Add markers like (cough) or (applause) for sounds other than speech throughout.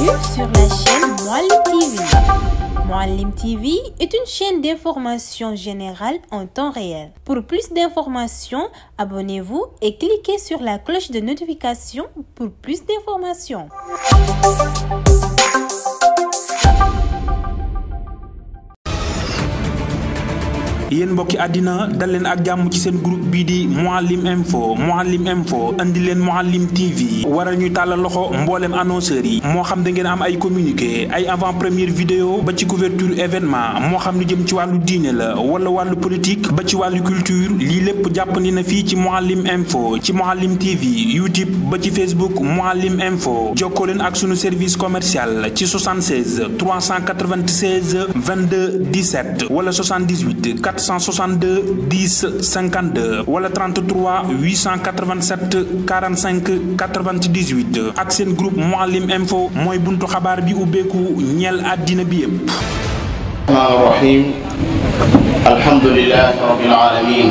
bienvenue sur la chaîne Mouhalim TV. Mouhalim TV est une chaîne d'information générale en temps réel. Pour plus d'informations, abonnez-vous et cliquez sur la cloche de notification pour plus d'informations. yéen mbokki àddina dal leen ak jàmm ci seen groupe bii di Mouhalim Info Mouhalim Info andi leen Mouhalim TV waral ñuy tàllal loxo mbooleem annonceurs yi moo xam da ngeen am ay communiqué ay avant première vidéo ba ci couverture événement moo xam lu jëm ci wàllu diine la wala wàllu politique ba ci wàllu culture lii lépp jàppandi na fii ci Mouhalim Info ci Mouhalim TV YouTube ba ci Facebook Mouhalim Info jokkoo leen ak sunu service commercial ci 76 396 22 17 wala 78 462 10 wala 33 887 45 98 ak seen groupe bi ubbeeku ñeel bi yépp alhamdulilah rabbil alamin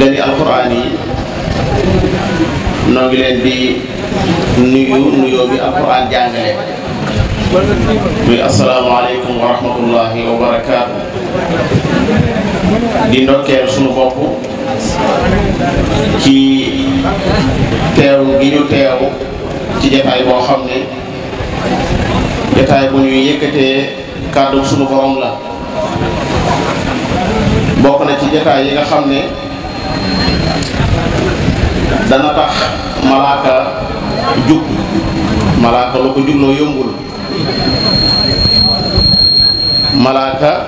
dani alquran yi noo leen di nuyu nuyoo bi alquran jàngale muy asalaamaaleykum wa rahmatullahi wa barakaatu di ndokkeel sunu bopp ci teew gi ñu teew ci jataay boo xam ne jataay bu ñuy yëkkatee kàddu sunu borom la bokk na ci jataay yi nga xam ne dana tax malaaka jug malaaka lu ko jugloo yombul malaata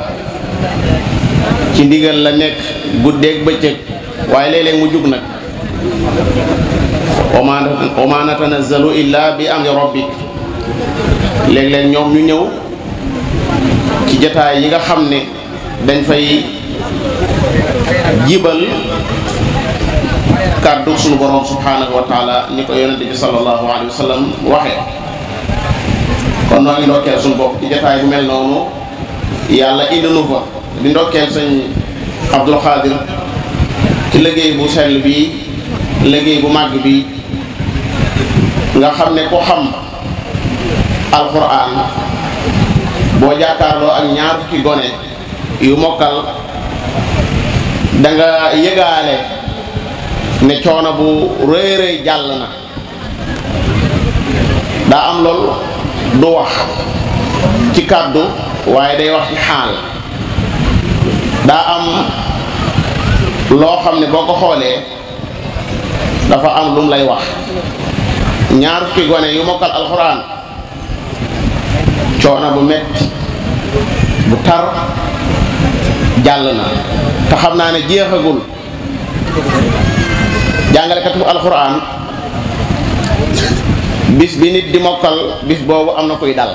ci ndigal la nekk guddeeg bëccëg waaye léeg-léeg mu jug nag wa ma natanazzalu illa bi amri rabbik léeg-léeg ñoom ñu ñëw ci jataay yi nga xam ne dañ fay jibal kàddu sunu borom subhanahu wa taala ni ko yonente bi sallallahu alayhi wa sallam kon noo ngi ndokkeel suñu bopp ci jotaay bu mel noonu yàlla indi nu fa di ndokkeel sëñ Abdul Xaadir ci liggéey bu sell bi liggéey bu màgg bi nga xam ne ku xam alxuraan boo jàkkaarloo ak ñaar fukki gone yu mokkal da yëgaale ne coono bu rëy rëy jàll na daa am loolu du wax ci kàddu waaye day wax ci xaal daa am loo xam ne boo ko xoolee dafa am lum lay wax ñaar fukki gone yu mokkal alxuraan coono bu metti bu tar jàll na te xam naa ne jeexagul jàngalekat bu alxuraan bis bi nit di mokkal bis boobu am na kuy dal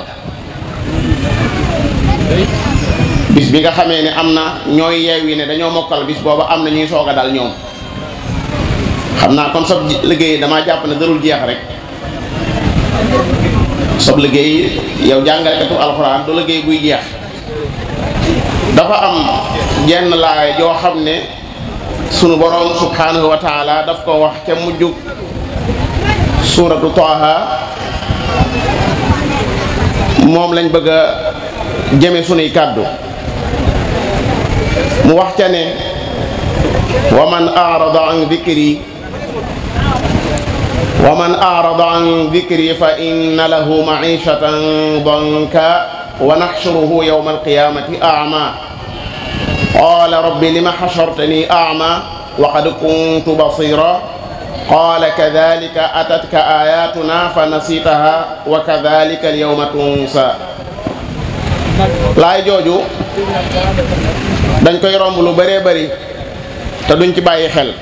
bis bi nga xamee ne am na ñooy yeew yi ne dañoo mokkal bis boobu am na ñuy soog a dal ñoom xam naa comme sob liggéey damaa jàpp ne darul jeex rek sob liggéey yow jàngalekatu alxuraan du liggéey buy jeex dafa am jenn laay joo xam ne sunu borom subhanahu wa taala daf ko wax ca mujj suuratu Taaha moom lañ bëgg a jëme sunuy kàddu mu wax ca ne wa man arada an dikri wa man arada an dikri fa inna lahu maishatan danka wa naxsuruhu yawma alqiyamati ama qala rabbi lima xashartani ama wa qad kuntu basira qaala kadalika atatka ayatuna fa nasitaha wa kadalika alyawma tunsa laay jooju dañ koy romb lu bëree bëri te duñ ci bàyyi xel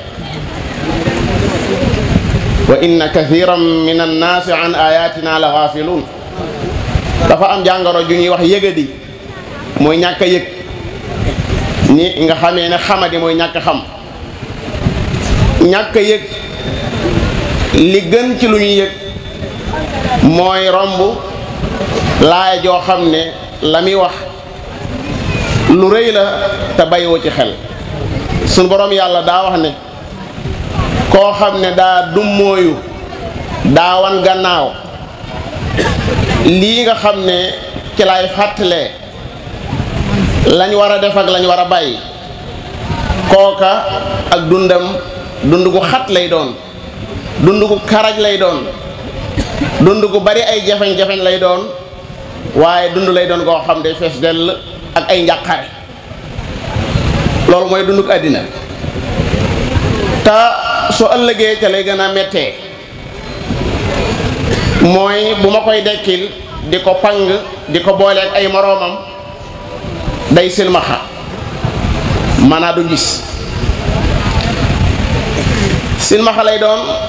wa inna kathiran min annaasi an ayatina la gaafiluun dafa am jàngoro ju ñuy wax yëgadi mooy ñàkk a yëg ni nga xamee ne xamadi mooy ñàkk xam ñàkk a yëg li gën ci lu ñu yëg mooy romb laaya joo xam ne la muy wax lu rëy la te bàyyiwoo ci xel suñu boroom yàlla daa wax ne koo xam ne daa dummóoyu daa wan gannaaw lii nga xam ne ci lay fàttalee lañ war a def ak lañ war a bàyyi kooka ak dundam dund gu xat lay doon dund ku karaj lay doon dund gu bari ay jafeñ-jafeñ lay doon waaye dund lay doon koo xam day fees dell ak ay njàqare loolu mooy dunduk àddina te su ëllëgee ca lay gën a mettee mooy bu ma koy dekkil di ko pang di ko booleeg ay moroomam day silmaxa maanaa du gis silmaxa lay doon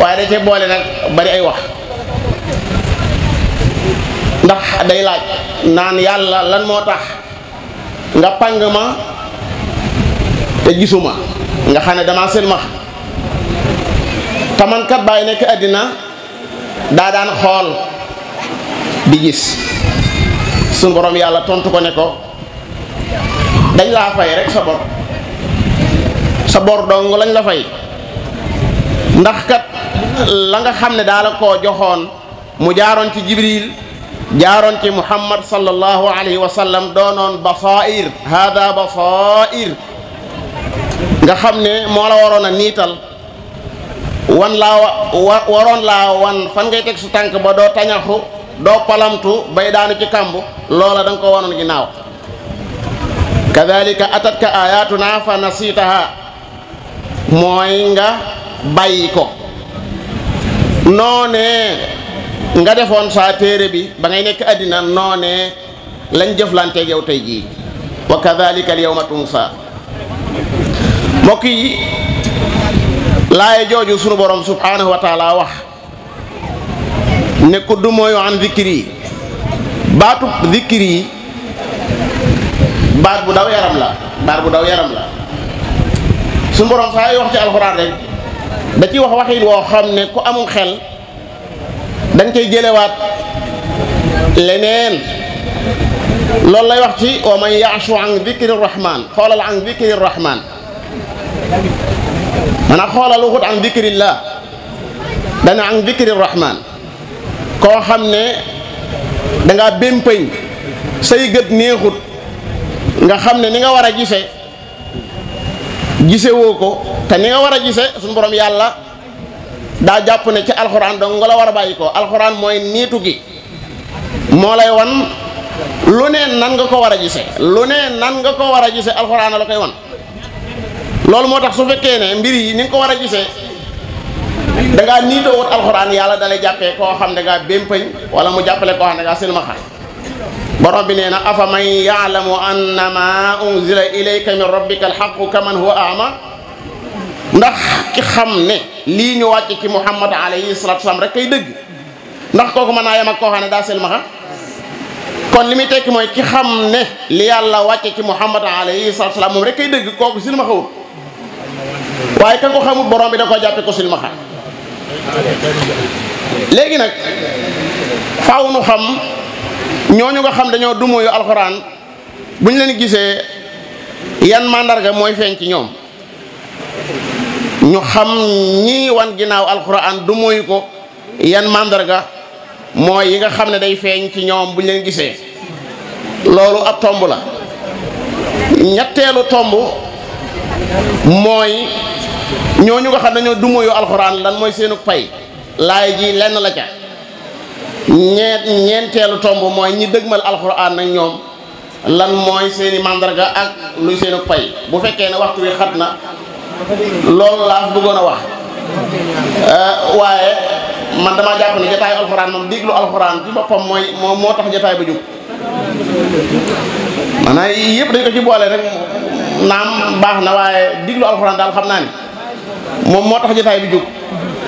waaye da cee boole nag bari ay wax ndax day laaj naan yàlla lan moo tax nga pàng ma te gisuma nga xam ne damaa seen ma taman kat bàyyi nekk àddina daa daan xool di gis suñu borom yàlla tontu ko ne dañ laa fay rek sa bor sa bor dong lañ la fay ndax kat la nga xam ne daala koo joxoon mu jaaroon ci jibril jaaroon ci muhammad sallallahu alayhi wa sallam doonoon basair hada basair nga xam ne moo la waroon a niital wan laa wa waroon laa wan fan ngay teg su tànk ba doo tañaxu doo palamtu bay daanu ci kàmb loola da ko wanoon ginnaaw kadalika atatka ayatuna fa nasitaha mooy nga bàyyi ko noonee nga defoon saa téere bi ba ngay nekk àddina noonee lañ jëflanteeg yow tey jii wa kadhalika al yawma tunsa mbokk yi laaya jooju sunu borom subhanahu wa taala wax ne ku du mooyu an zikri baatu zikri baat bu daw yaram la baat bu daw yaram la sunu borom saa yi ci alxuraan rek da ci wax waxin woo xam ne ku amul xel dañ koy jëlewaat leneen loolu lay wax ci wa man yaachu an dikri rahman xoolal an dikri rahman maanaam xoolal waxut an dikrillah dana an dikri rahman koo xam ne dangaa bémpëñ say gët neexut nga xam ne ni nga war a gise gise woo ko te ni nga war a gise suñu borom yàlla daa jàpp ne ci alxuraan dong nga la war a bàyyi ko alxuraan mooy niitu gi moo lay wan lu ne nan nga ko war a gise lu ne nan nga ko war a gise alxuraan la koy wan loolu moo tax su fekkee ne mbir yi ni ko war a gisee da ngaa niitoo wut alxuraan yàlla dalay jàppee koo xam ne ngaa bémpañ wala mu jàppale koo xam ne ngaa silmaxa borom bi nee na afa man yaalamu annama unzila ilayka min rabbika alxaqu kaman huwa ama ndax ki xam ne lii ñu wàcc ci muhammad alayhi salatu wasalam rek kay dëgg ndax kooku mën naa yem ak koo xam ne daa selmaxa kon li muy tekki mooy ci xam ne li yàlla wàcce ci muhammad alayhi salatu wasalam moom rek kay dëgg kooku silmaxawut waaye kan ko xamut borom bi da ko jàppe ko silmaxa léegi nag faaw nu xam ñooñu nga xam dañoo dumuyu alxuraan bu ñu leen gisee yan màndarga mooy feeñ ci ñoom ñu xam ñii wan ginnaaw alxuraan dumuyu ko yan màndarga mooy yi nga xam ne day feeñ ci ñoom bu ñu leen gisee loolu ab tomb la ñetteelu tomb mooy ñu nga xam dañoo dumuyu alxuraan lan mooy seenu pay laay ji lenn la ca ñeent ñeenteelu tomb mooy ñi dëgmal alxuraan nag ñoom lan mooy seeni màndarga ak luy seenu pay bu fekkee ne waxtu wi xat na loolu laa bëggoon a wax euh, waaye man damaa jàpp ne jataayu alxuraan moom diglu alxuraan ci moo tax jataay ba jóg maanaam yëpp boole rek naam na waaye diglu alxuraan xam naa tax jataay bi jóg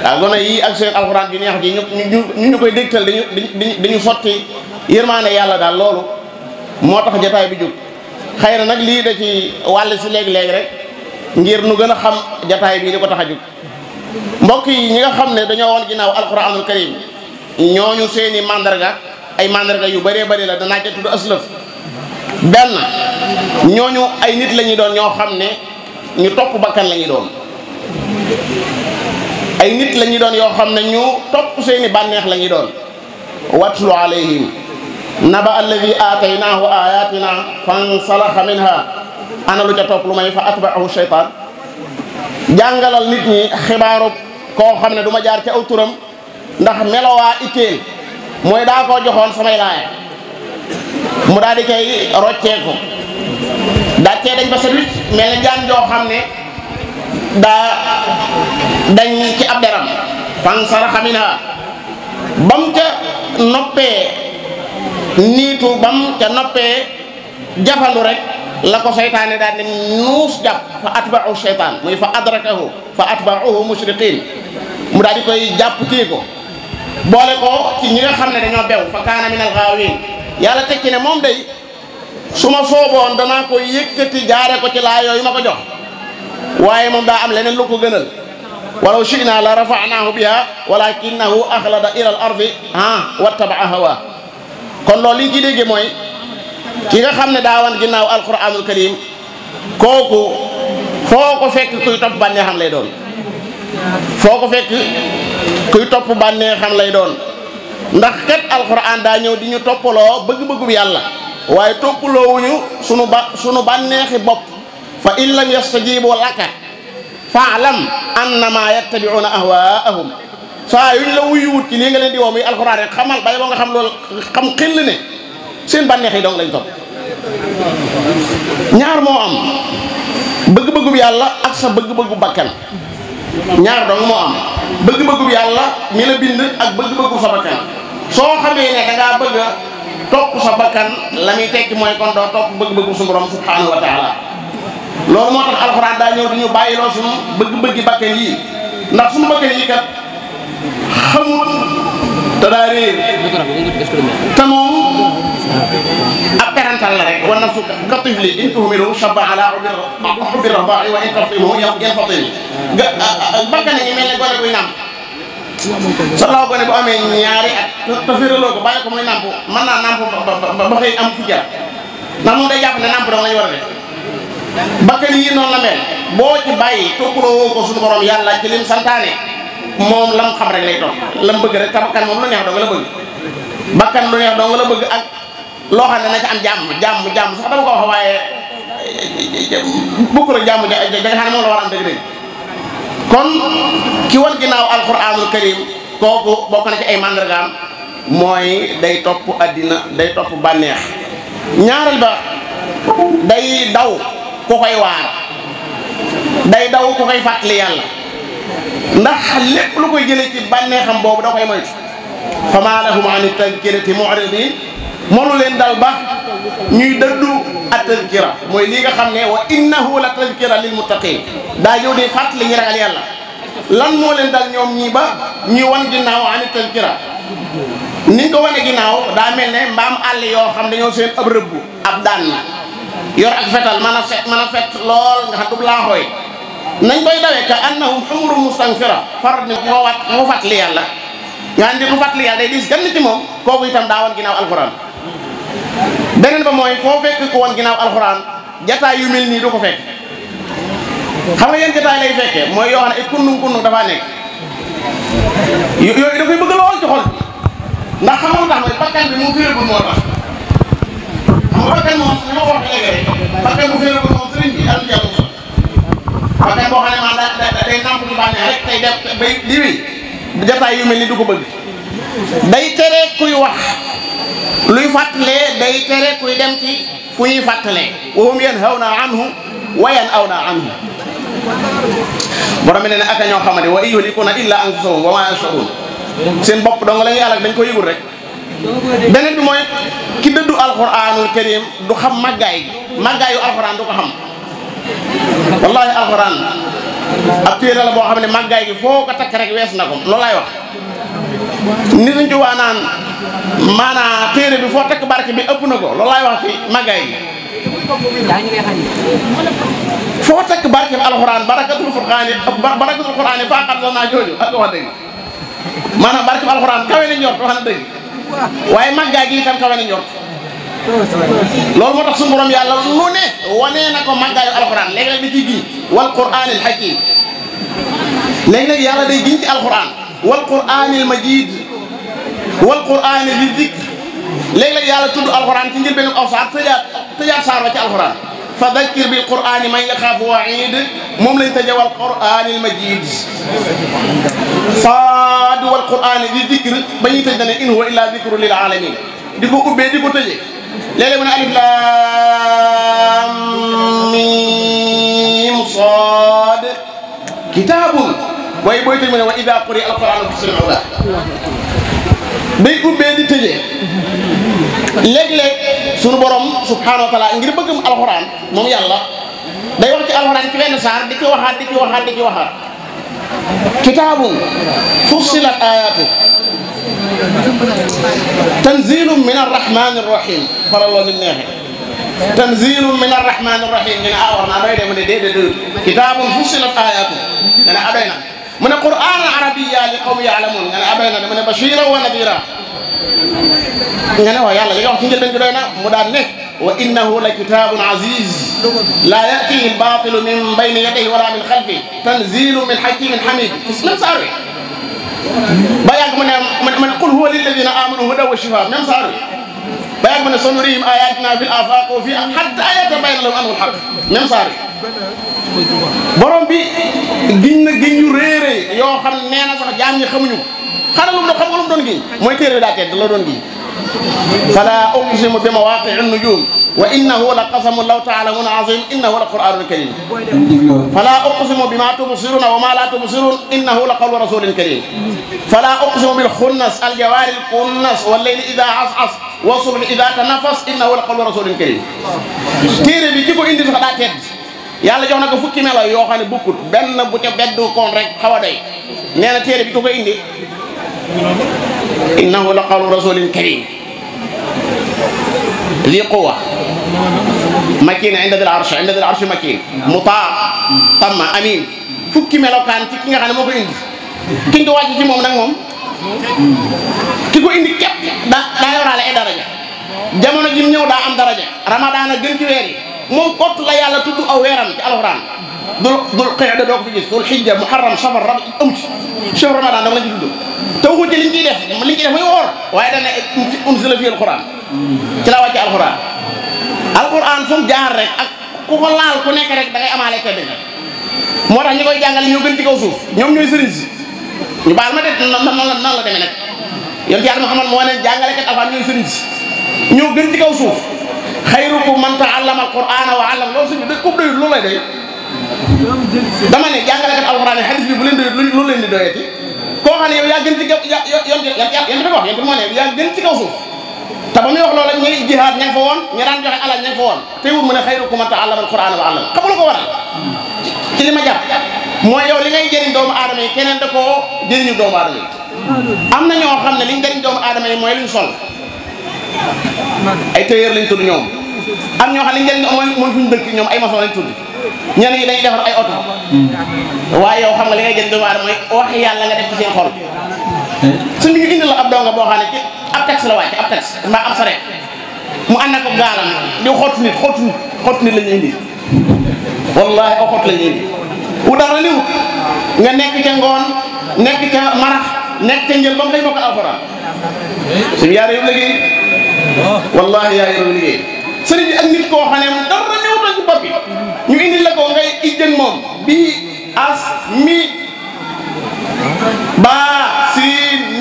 waaw gone yi ak seen alxuraan ju neex ji ñu ñu ñu ñu koy dégtal dañu dañu dañu sotti yërmaane yàlla daal loolu moo tax jataay bi jóg xëy na nag lii da ci wàll si leegi léegi rek ngir nu gën a xam jataay bii di ko tax a jóg mbokk yi ñi nga xam ne dañoo woon ginnaaw alxuraanul karim ñooñu seeni mandarga ay mandarga yu bëree bëri la danaa ca tudd aslëf benn ñooñu ay nit lañuy doon ñoo xam ne ñu topp bakkan la ñuy doon ay nit la ñuy doon yoo xam ne ñu topp seeni bànneex la ñuy doon watlu alayhim naba alladi aataynaahu ayatina fansalaxa minha ana lu ca topp lu may fa atbaahu shaytaan jàngalal nit ñi xibaaru koo xam ne du ma jaar ci aw turam ndax melowaa itteel mooy daa koo joxoon samay laaya mu daal di koy rocceeku daa cee dañ ba sa jaan joo xam ne daa dañ ci ab deram fan saraxa minha bam ca noppee niitu bam ca noppee jafandu rek la ko seytaane daan di nuus jàpp fa atba'u seytaan muy fa adrakahu fa atba'uhu mushriqin mu daal di koy jàpp téye ko boole ko ci ñi nga xam ne dañoo bew fa kaana min al-ghaawin yàlla tekki ne moom day su ma sooboon danaa ko yëkkati jaare ko ci laayooyu yooyu ma ko jox waaye moom daa am leneen lu ko gënal walaw shi'naa la rafa'naahu bihaa walaakinnahu axlada ilal ardi ah wattaba'a hawaa kon lool li ñu ci déggee mooy ki nga xam ne daa daawan ginnaaw alquraanul karim kooku foo ko fekk kuy topp bànneexam lay doon foo ko fekk kuy topp bànneexam lay doon ndax kat alquran daa ñëw di ñu toppaloo bëgg-bëggum yàlla waaye toppaloo wuñu ba sunu bànneexi bopp fa in lam yastajibu laka faalam annama yattabiuna ahwaahum saa yuñ la wuyuwut ci lii nga leen di woo muy alxuraan xam al bay boo nga xam loolu xam xill ne seen bànneex yi dong lañ topp ñaar moo am bëgg-bëggub yàlla ak sa bëgg-bëggu bakkan ñaar dong moo am bëgg-bëggub yàlla mi la bind ak bëgg-bëggu sa bakkan soo xamee ne dangaa bëgg topp sa bakkan la muy tekki mooy kon doo topp bëgg-bëggu suñu borom subhanahu wa taala loolu moo tax alxuraan daa ñëw dañu bàyyiloo suñu bëgg-bëggi bakkan yi ndax suñu bakkan yi kat xamul te daa réer te moom ab perantal la rek war na su katifli in tuhmilu shabba ala hubbi rabaa'i wa in taftimuhu yanfatim nga bakkan yi mel ne gone guy nàmp sa ndaw gone bu amee ñaari at te féeraloo ko bàyyi ko muy nàmp mën naa nàmp ba ba xëy am fu jar ndax moom day jàpp ne nàmp dama lañu war a def bakkan yi noonu la mel boo ci bàyyi toppaloo woo ko suñu borom yàlla ci lim santaane moom lam xam rek lay topp lam bëgg rek bakkan moom lu neex dong la bëgg bakkan lu neex dong bëgg ak loo xam ne na ci am jàmm jàmm jàmm sax dama ko wax waaye eh, eh, eh, bukk la jàmm ja nga moom la war a am dëgg-dëgg kon ki wan ginnaaw alquranul karim kooku bokk na ci ay màndargaam mooy day topp àddina day topp bànneex ñaareel ba day daw ku koy waar day daw ku koy fàttali yàlla ndax lépp lu koy jële ci bànneexam boobu da koy moytu fa maa lahum an tadkirati mu'ridin mënu leen dal ba ñuy dëddu atazkira mooy li nga xam ne wa innahu la tazkira lil muttaqin daa ñëw di fàttali ñi ragal yàlla lan moo leen dal ñoom ñii ba ñuy wan ginnaaw ani tazkira ni nga ko wane ginnaaw daa mel ne mbaam àll yoo xam dañoo seen ab rëbbu ab daan na yor ak fetal man a fet man a fet lool nga xam du laaxooy nañ koy dawee ka annahum humru mustanfira farat ni moo wat moo fàttali yàlla nga xam ne ku fàttali yàlla day diis gann ci moom kooku itam beneen ba mooy foo fekk ko woon ginnaaw alxuraan jataay yu mel nii du ko fekk xam nga yéen jataay lay fekkee mooy yoo xam ne ay kunnung kunnung dafaa nekk yooyu da koy bëgg lool ci xol ndax xam tax mooy bakkan ko di wi jataay yu nii du ko bëgg day tere kuy wax luy fàttalee day tere kuy dem ci fu ñuy fàttalee wa hum yanhawna anhu wa yanawna anhu borom bi nee na ak ñoo xamante wa in yuhlikuuna illa anfusahum wa maa yash'uruun seen bopp dong la ñuy alak dañ ko yëgul rek beneen bi mooy ki dëddu alquranul karim du xam màggaay màggaayu alquran du ko xam wallahi alquran ab téere la boo xam ne màggaay gi foo ko rek wees na ko loolu laay wax ni suñ tubaa naan maanaa bi foo tekk barke bi ëpp na ko loolu laay wax ci màggaay yi foo tekk barke bi alxuraan barakatul furqaani barakatul qur'aani faaxat la naa jooju ak wax dëgg bi alxuraan kawe na wax na dëgg waaye màggaay gi itam kawe na njort loolu moo tax suñu borom yàlla lu ne wanee na ko màggaayu alxuraan léegi-léeg da ciy giñ wal qur'aanil hakiim léegi-léeg yàlla day giñ ci alxuraan wal quraanil majiid wal quraani li dikr léeg-léeg yàlla tudd alxuraan ci njëlbéenu aw saar tëjaat tëjaat saar wa ci alxuraan fa dakkir bil quraani man yaxaafu wa'iid moom lañ tëjee wal quraanil majiid saad wal quraani li dikr ba ñuy tëj na ne in huwa illaa dikrun lil aalamiin di ko ubbee di ko tëjee léeg-léeg mu ne alif laam miim saad kitaabu waaye booy tëj mu ne wa ida quri alquran fastami'u la day ubbee di tëjee léeg-léeg suñu borom subhanahu wa taala ngir bëggum alquran moom yàlla day wax ci alquran ci benn saar di ci waxaat di ci waxaat di ci waxaat kitaabun fussilat ayatu tanzilum min arrahmani arrahim fala loolu ni neexee tanziilun min arrahmaani rahiim ñu ne ah wax naa doy de mu ne déedéet déedéet kitaabun fussilat aayaatuhu nga ne ah doy na mu ne qur'aan arabiyya li qawmi ya'lamuun nga ne abay na mu ne bashiran wa nadira nga ne waaw yàlla li nga wax ci njëlbeen bi doy na mu daan ne wa innahu la kitaabun aziz laa ya'tiihi al-baatilu min bayni yadayhi wala min xalfihi tanziilun min hakiimin hamiid même saar wi ba yàgg mu ne man qul huwa lilladina amanu hudan wa shifaa même saar wi ba yàgg mu ne sanurihim ayatina fil afaq wa fi hatta yatabayyana lahum annahu al-haq même saar borom bi giñ na giñ yu réeré yoo xam nee na sax jaam ñi xamuñu ko xanaa lu mu doon xam nga lu mu doon giñ mooy téere daa tedd la doon giñ fala uqsimu bi mawaqi'in nujum wa innahu la qasamun law ta'lamun azim innahu la qur'anun karim fala uqsimu bima tubsiruna wa ma la tubsirun innahu la qawlu rasulin karim fala uqsimu bil khunnas al jawaril kunnas wal layli idha as'as wasubul ida tanafas innahu la qawlu rasulin karim téere bi ki ko indi sax daa tedd yàlla jox na ko fukki melo yoo xam ne bukkut benn bu ca beddu koon rek xaw a doy nee na téere bi ko ko indi innahu la qawlu rasulin karim li quwa makin inda dil arsh inda dil arsh makin mutaa tamma amin fukki melokaan ci ki nga xam ne moo ko indi ki nga wàcc ci moom nag moom ki ko indi képp da daa yoraale ay daraja jamono jim ñëw daa am daraja ramadaana gën ci weer yi moom kott la yàlla tudd aw weeram ci alxuraan dul dul xeeda doo ko fi gis dul xijja muharram safar rab am ci chef ramadan dama la ci tudd te waxu ci liñ ciy def liñ ciy def muy woor waaye dana unzila fi alxuraan ci la wàcce alxuraan alxuraan jaar rek ak ku ko laal ku nekk rek da ngay amaale tedd moo tax ñi koy jàngale ñoo gën ci kaw suuf ñoom ñooy sëriñ si ñu baal ma de noonu la noonu la demee nag yoon ci yàlla ma xamal moo ne jàngalekat alxuraan ñooy sëriñ si ñoo gën ci kaw suuf xayrukum man ta'allama alqur'ana wa 'allama loolu suñu dëkk kub doyul loolu lay doy dama ne jàngalekat alxuraan yi xadis bi bu leen doyul loolu leen di doyati koo xam ne yow yaa gën ci kaw ya ya yan yan yan yan yan yan yan yan yan yan te ba muy wax loolu ñuy jihaad ña nga fa woon ña daan joxe alal ña nga fa woon teewul mu ne xayrukum man ta'allama ci li ma jàpp mooy yow li ngay jëriñ doomu aadama yi keneen da koo doomu aadama yi am na ñoo ne liñ jëriñ doomu aadama yi mooy luñ sol ay tailleur lañ tudd ñoom am ñoo xam ne liñ jëriñ mooy mooy ñoom ay maçon lañ tudd ñenn ñi dañuy ay oto hmm. waaye yow xam nga li ngay jëriñ doomu aadama mooy wax yàlla nga def ci seen xol suñu ñu indi la ab donga boo xam ne ci ab tax la wàcc ab tax mbaa ab sareet mu ànd ko gaalam di xottu nit xottu nit xottu nit la ñuy indi wallahi aw xottu la ñuy indi wu dara liw nga nekk ca ngoon nekk ca marax nekk ca njël ba mu dañ bokk alxuraan suñu yaara yóbbu liggéey wallahi yaara yóbbu liggéey sëriñ bi ak nit koo xam ne mu dara ñëwutal ci bopp bi ñu indi la ko ngay ijjën moom bii as mi baa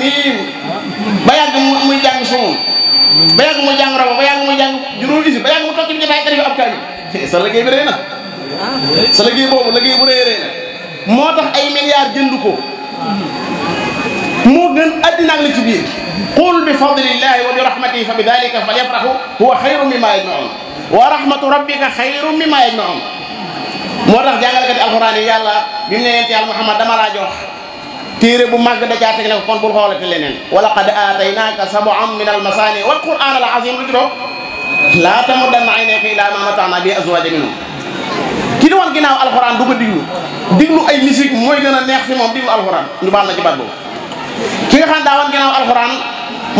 Ibrahim ba yàgg muy jàng sumoom ba yàgg muy jàng rabo ba yàgg muy jàng juróomi si ba yàgg mu toog ci jotaay tari fi ab kaamil sa liggéey bi rëy na sa liggéey boobu liggéey bu rëy rëy na moo tax ay milliards jënd ko moo gën addina ak la ci biir qul bi fadlillahi wa bi rahmatihi fa bi dalika falyafrahu huwa xayru mimma yajmaun wa rahmatu rabbika xayru mimma yajmaun moo tax jàngalkati alxuraan yi yàlla bi mu ne yonent yàlla Muhammad dama laa jox téere bu mag da caa teg ne ko kon bul xoolati leneen wala qad aataynaaka sab'an min al-masaani wal qur'aan al-aziim lu ci toog laa tamuddanna aynayka ilaa maa mata'naa bihi azwaajan minhum ki di woon ginnaaw alxuraan du ko diglu diglu ay musique mooy gën a neex fi moom diglu alxuraan ñu baal na ci baat boobu ki nga xam daa woon ginnaaw alxuraan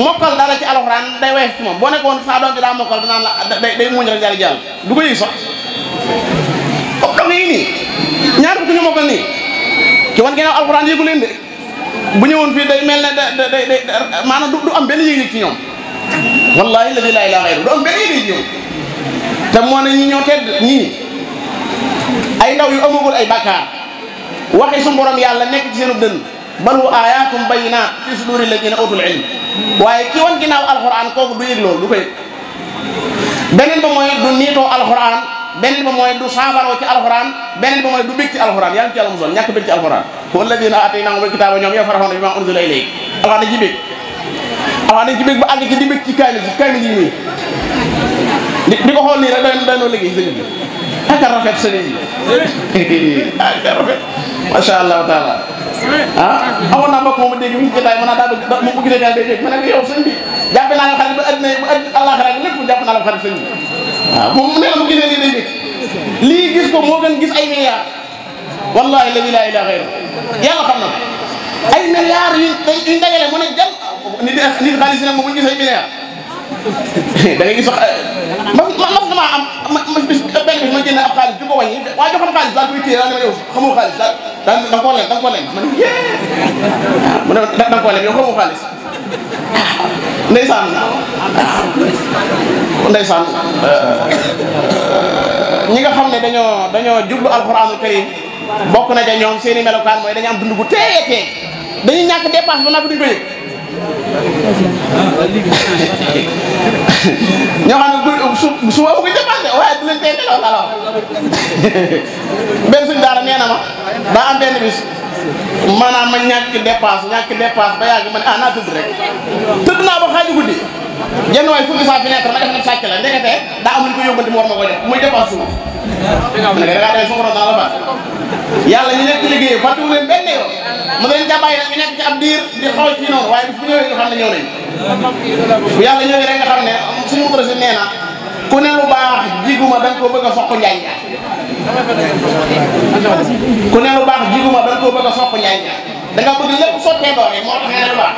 mokkal dara ci alxuraan day wees ci moom boo nekkoon saa doon ci daa mokkal danaan la day day muñ rek jàll a du ko yëg sax donc ñaar fukki ñu mokkal bu ñëwoon fii day mel ne da day day maanaam du am benn yëg-yëg ci ñoom wallaahi la di laay laa du am benn yëg ci ñoom te moo ne ñi ñoo ay ndaw yu amagul ay bakkaar waxi su borom yàlla nekk ci seenu dënn bal hu ayatum bayinaat fi suduri ladina utul ilm waaye ki wan ginnaaw alxuraan kooku du yëg du ko beneen ba mooy du niitoo alxuraan benn ba mooy du saabaroo ci alxuraan benn ba mooy du bég ci alxuraan yàlla ci yàlla musal ñàkk bég ci alxuraan walladina aataynahumul kitaaba ñoom yafarahuna bima unzila ilayk alxuraan dañ ci bég alxuraan dañ ci bég ba àgg ci di bég ci kaamil ci kaamil yi nii di ko xool nii rek doy doy noo liggéey sëñ bi ak a rafet sëñ bi a rafet macha ah, ma ne ko yow sëñ bi jàppe la xarit ba àddina ba àddina àllaaxira lépp jàpp naa la xarit sëñ waaw moom mu ne la mu gisee lii day bég lii gis ko moo gën gis ay milliards wallahi la ilaha illa xeyru yàlla xam na ay milliards yu yu dajale mu ne jël nit nit xaalis yi nag moom bu ñu gis ay milliards (laughs) da ngay gis wax ma eh, mas na maa am ma ma bis benn bis ma jënd ab xaalis ju ko wàññi waaye joxoon xaalis daal koy téye daal ne ma yow xamoo xaalis daal daal da nga koo lem da nga koo lem ma ne yee (laughs) mu ne da nga koo lem yow xamoo xaalis (laughs) ndeysaan ndeysaan ñi nga xam ne dañoo dañoo jublu alxuraanul karim bokk na ca ñoom seen i melokaan mooy dañu am dund bu teeyee teey dañuy ñàkk dépense ba noppi duñ ko yëg xam ne su su boobu ñu dépassé waaye daara nee na ma daa am benn bis maanaam ma ñàkk dépense ñàkk dépense ba yàgg ma ne ah naa tëdd rek tëdd naa ba xaaju guddi. genn waay fukki saa fenêtre ma def na sàcc la ndekete daa am luñ ko yóbbante mu war ma ko def muy dépense suuf ne dangaa dee suuf ron naa la fa yàlla ñu nekk ci liggéey fàttuwu leen benn yoon mu ne leen jàmbaay nag ñu nekk ci ab diir di xaw ci noonu waaye bis bu ñëwee nga xam ne ñëw nañ bu yàlla ñëwee rek nga xam ne suñu projet nee na ku ne lu baax jiguma da nga koo bëgg a soq njaay njaay ku ne lu baax jiguma da nga koo bëgg a soq njaay njaay da nga bëgg lépp sottee doore moo tax ne lu baax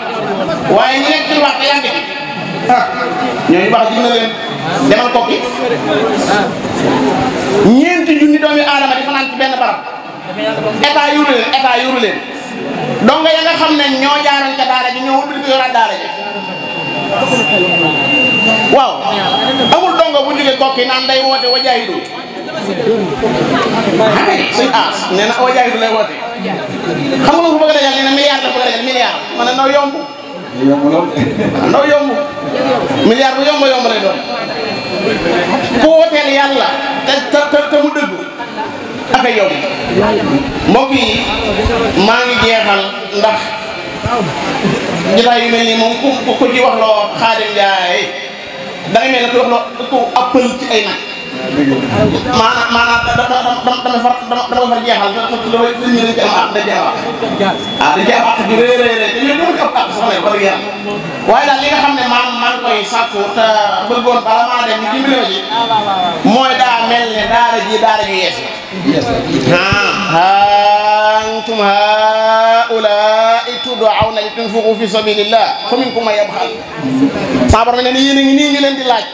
waaye ñu nekk ci lu baax te yàgg ci ah ñooñu wax jig na leen demal kokki ñeenti junni doomi aadama di ci benn barab état yuru leen état yuru leen nga xam ne ñoo jaaroon ca daara ji ñoo wut di yoraat daara ji waaw amul dongo bu jógee kokki naan day woote wa jaayidu suñ aas ah, nee na lay woote xam nga lu ko bëgg a la bëgg a dajal milliard ma ne noo yomb yomb lool ndaw yomb milliard bu yomb yomb lay doon ku wooteel yàlla te te te mu dëgg aka yomb mbokk yi maa ngi jeexal ndax jotaay mel nii moom ku ku ci wax loo Xaadim Njaay danga mel ne ku wax loo ku appal ci ay maanaam maanaam da da da dama far dama dama far jeexal nga xam ne da ñu ci am da jeexal ah da jeexal bi rëy rëy rëy dañu ñu ko pat sax lay ko yàlla waaye daal li nga xam ne maam maa ngi koy sàkku te bëggoon bala maa dem ñu dimbali ma ci mooy daa mel ne daara ji daara ju yees la haa antum haa'ulaa'i tud'awna litunfiqu fi sabilillah fa minkum man yabxal saa borom ne yéen a ngi nii ngi leen di laaj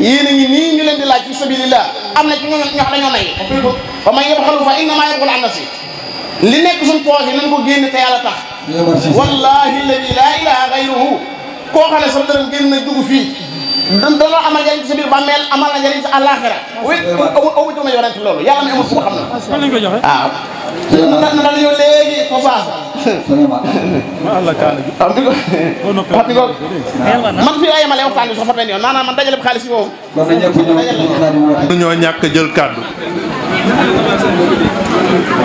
yéen a ngi nii ñu leen di laaj fi sabilillah am na ci ñoo ñoo xam dañoo nay ba may yëpp xalu fa innamaa yëpp xalu an nafsi li nekk suñ poos yi ko génn te yàlla tax wallahi alladi laa ilaha gayruhu koo xam ne sa dërëm génn na dugg fii dan dana amal njëriñ ci sa biir bàmmeel amal ko xam ah. na waaw na dal yow léegi man fii laa yemale waxtaan bi soo fa benn yoon maanaam man dajale bi xaalis yi moom ñoo ñàkk jël kàddu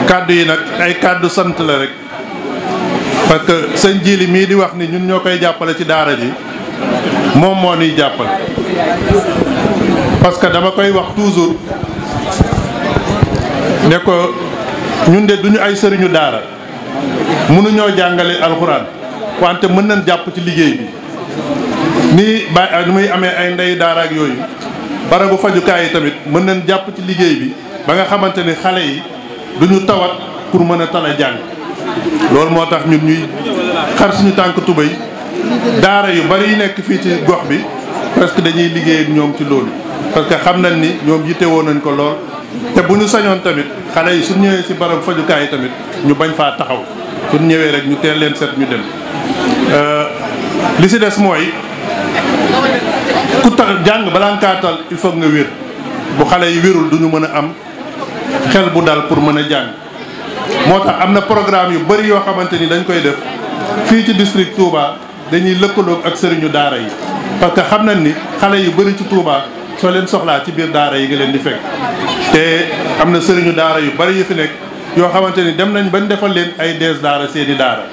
kàddu yi nag ay kàddu sant la rek parce que sëñ Jili mii di wax ni ñun ñoo koy jàppale ci daara ji moom moo nuy jàppal parce que dama koy wax toujours ne ko ñun de duñu ay sëriñu daara mënuñoo jàngale alxuraan wante mën nañ jàpp ci liggéey bi nii ba muy amee ay ndey daara ak yooyu barabu fajukaay yi tamit mën nañ jàpp ci liggéey bi ba nga xamante ni xale yi duñu tawat pour mën a tala jàng loolu moo tax ñun ñuy xar suñu tànk tubéy daara yu bari yu nekk fii ci gox bi parce que dañuy liggéey ak ñoom ci loolu parce que xam nañ ni ñoom yitte woon nañ ko lool te bu ñu sañoon tamit xale yi su ñëwee si barab fajukaay yi tamit ñu bañ faa taxaw su ñëwee rek ñu teel leen set ñu dem euh, li si des mooy ku tax jàng balaa kaatal il faut nga wér bu xale yi wérul duñu mën a am xel bu dal pour mën a jàng moo tax am na programme yu bëri yoo xamante ni dañ koy def fii ci district Touba. dañuy lëkkaloog ak sëriñu daara yi parce que xam nañ ni xale yu bëri ci Touba soo leen soxlaa ci biir daara yi nga leen di fekk te am na sëriñu daara yu bëri yu fi nekk yoo xamante ni dem nañ bañ defal leen ay dees daara seeni daara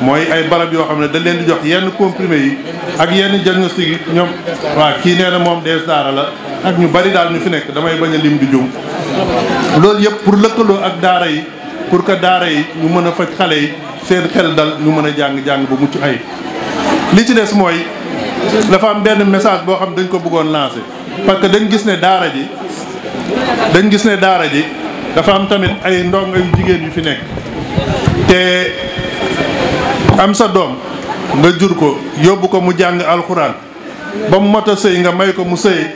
mooy ay barab yoo xam ne dañ leen di jox yenn comprimé yi ak yenn diagnostic yi ñoom waaw kii nee na moom dees daara la ak ñu bari daal ñu fi nekk damay bañ a lim di jum loolu yëpp pour lëkkaloo ak daara yi pour que daara yi ñu mën a faj xale yi seen xel ñu mën a jàng-jàng bu mucc ay li ci des mooy dafa am benn message boo xam dañ ko bëggoon lancé parce que dañ gis ne daara ji dañ gis ne daara ji dafa am tamit ay ndongo yu jigéen yu fi nekk te am sa doom nga jur ko yóbbu ko mu jàng alxuraan ba mu mot a sëy nga may ko mu sëy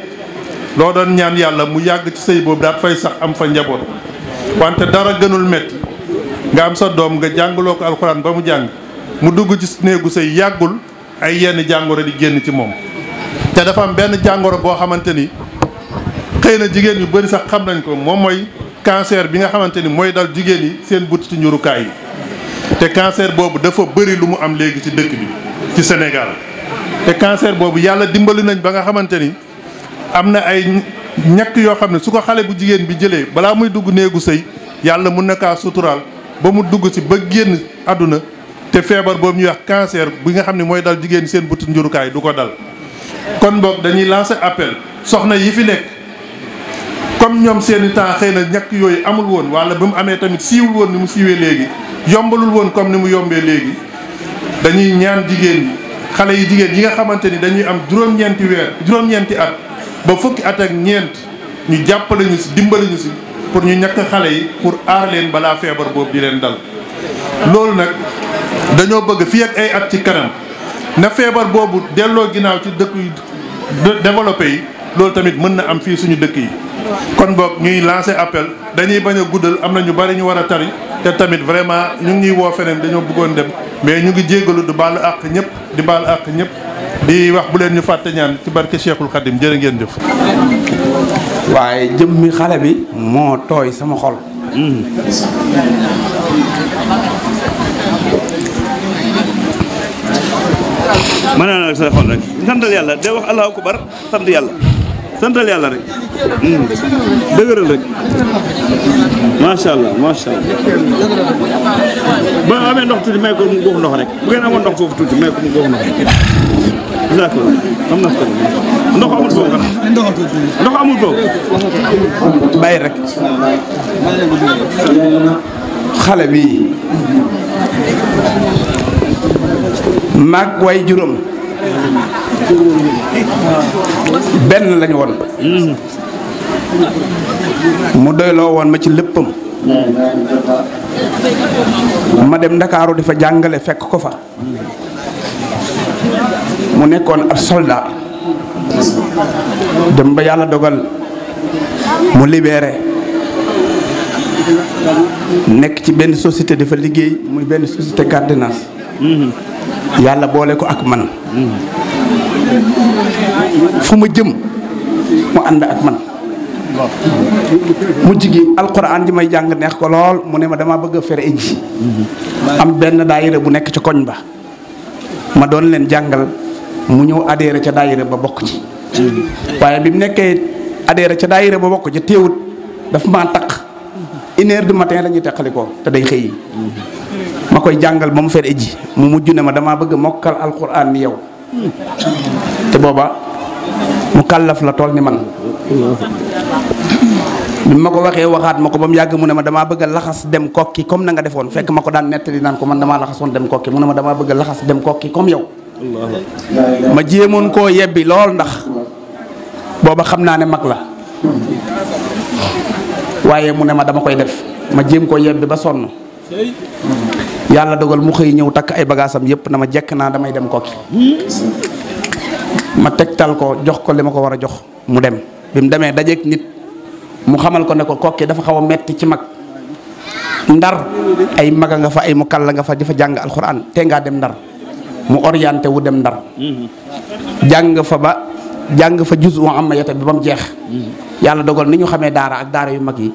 loo doon ñaan yàlla mu yàgg ci sëy boobu daal fay sax am fa njaboot wante dara gënul métti nga am sa doom nga jàngaloo ko alxuraan ba mu jàng mu dugg ci néegu sëy yàggul ay yenn jàngoro di génn ci moom te dafa am benn jàngoro boo xamante ni xëy na jigéen ñu bëri sax xam nañ ko moom mooy cancer bi nga xamante ni mooy dal jigéen yi seen butitu njurukaay yi te cancer boobu dafa bari lu mu am léegi ci dëkk bi ci senegal te cancer boobu yàlla dimbali nañ ba nga xamante ni am na ay ñàkk yoo xam ne su ko xale bu jigéen bi jëlee balaa muy dugg néegu sëy yàlla mun na kaa suturaal ba mu dugg ci ba génn àdduna te feebar boobu ñuy wax cancer bi nga xam ne mooy dal jigéen seen butu njurukaay du ko dal kon boog dañuy lancer appel soxna yi fi nekk comme ñoom seen temps xëy na ñàkk yooyu amul woon wala ba mu amee tamit siiwul woon ni mu siiwee léegi yombalul woon comme ni mu yombee léegi dañuy ñaan jigéen ñi xale yi jigéen yi nga xamante ni dañuy am juróom-ñeenti weer juróom-ñeenti at ba fukki at ak ñeent ñu jàppale si dimbali ñu si pour ñu ñàkk xale yi pour aar balaa feebar boobu di leen dal dañoo bëgg fii ak ay at ci kanam na feebar boobu delloo ginnaaw ci dëkk yu développé yi loolu tamit mën na am fii suñu dëkk yi. kon boog ñuy lancé appel dañuy bañ a guddal am na ñu bari ñu war a tari te tamit vraiment ñu ngi ñuy woo feneen dañoo buggoon dem mais ñu ngi jéggalu du baalu àq ñëpp di baalu àq ñëpp di wax bu leen ñu fàtte ñaan ci barke Cheikhul Khadim jërë ngeen jëf. waaye jëmmi xale bi moo tooy sama xol. mën naa la sa xol rek santal yàlla day wax allahu akbar sant yàlla santal yàlla rek hmm. dëgëral rek macha allah macha allah ndox tuuti may ko mu góox ndox rek bu ngeen amoon ndox foofu tuuti may ko mu góox ndox d'accord am na ndox amul foofu ndox amul foofu maag waay juróom benn lañu woon mu doyloo woon ma ci léppam ma dem ndakaaru dafa jàngale fekk ko fa mu nekkoon ab soldat dem ba yàlla dogal mu libéré nekk ci benn société dafa liggéey muy benn société gardiennage yàlla boole ko ak man fu ma jëm mu ànd ak man mu jigi alquran ji may jàng neex ko lool mu ne ma dama bëgg a fere ji am benn daayira bu nekk ca koñ ba ma doon leen jàngal mu ñëw adhéré ca daayira ba bokk ci waaye bi mu nekkee adhéré ca daayira ba bokk ci teewut dafa maa takk une heure du matin la ñuy te day xëy ma koy jàngal ba mu fer eji mu mujj ne ma damaa bëgg mokkal alquran ni yow te booba mu kàllaf la tool ni man mu ma ko waxee waxaat ma ko ba mu yàgg mu ne ma damaa bëgg laxas dem kokki comme na nga defoon fekk ma ko daan nettali naan ko man damaa laxasoon dem kokki mu ne ma damaa bëgg a laxas dem kokki comme yow ma jéemoon koo yebbi lool ndax booba xam naa ne mag la waaye mu ne ma dama koy def ma jéem ko yebbi ba sonn yàlla dogal mu xëy ñëw takk ay bagaasam yëpp na ma jekk naa damay dem kokki ma tegtal ko jox ko li ma ko war a jox mu dem bi mu demee dajeeg nit mu xamal ko ne ko kokki dafa xaw a metti ci mag ndar ay maga nga fa ay mu kàlla nga fa di fa jàng alxuraan te ngaa dem ndar mu orienté wu dem ndar jàng fa ba jàng fa jus wa am yete bi ba mu jeex yàlla dogal ni ñu xamee daara ak daara yu mag yi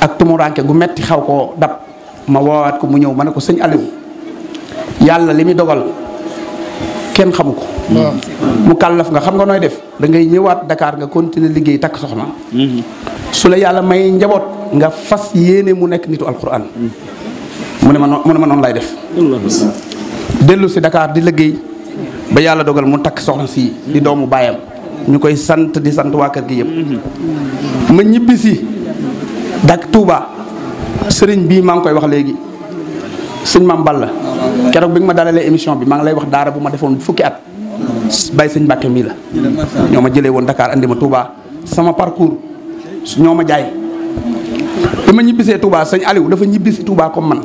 ak tumuraanke gu metti xaw koo dab ma woowaat ko mu ñëw ma ne ko sëñ Aliou yàlla li muy dogal kenn xamu ko. mu kàllaf nga xam nga nooy def dangay ñëwaat dakaar nga continuer liggéey takk soxna. Mm-hmm. su la yàlla may njaboot nga fas yéene mu nekk nitu alquran. mu ne ma noonu mu ne ma noonu lay def. dellu si Dakar di liggéey ba yàlla dogal mu takk soxna si di doomu baayam ñu koy sant di sant waa kër gi yëpp. Mm-hmm. ma ñibbi si dak sëriñ bii maa ngi koy wax léegi sëñ maam la keroog bi nga ma dalalee émission bi maa ngi lay wax daara bu ma defoon fukki at bay sëñ Mbàkke mii la ñoo ma jëlee woon ndakaar andi ma Touba sama parcours ñoo ma jaay bi ma ñibbisee Touba sëñ Aliou dafa ñibbisi Touba comme man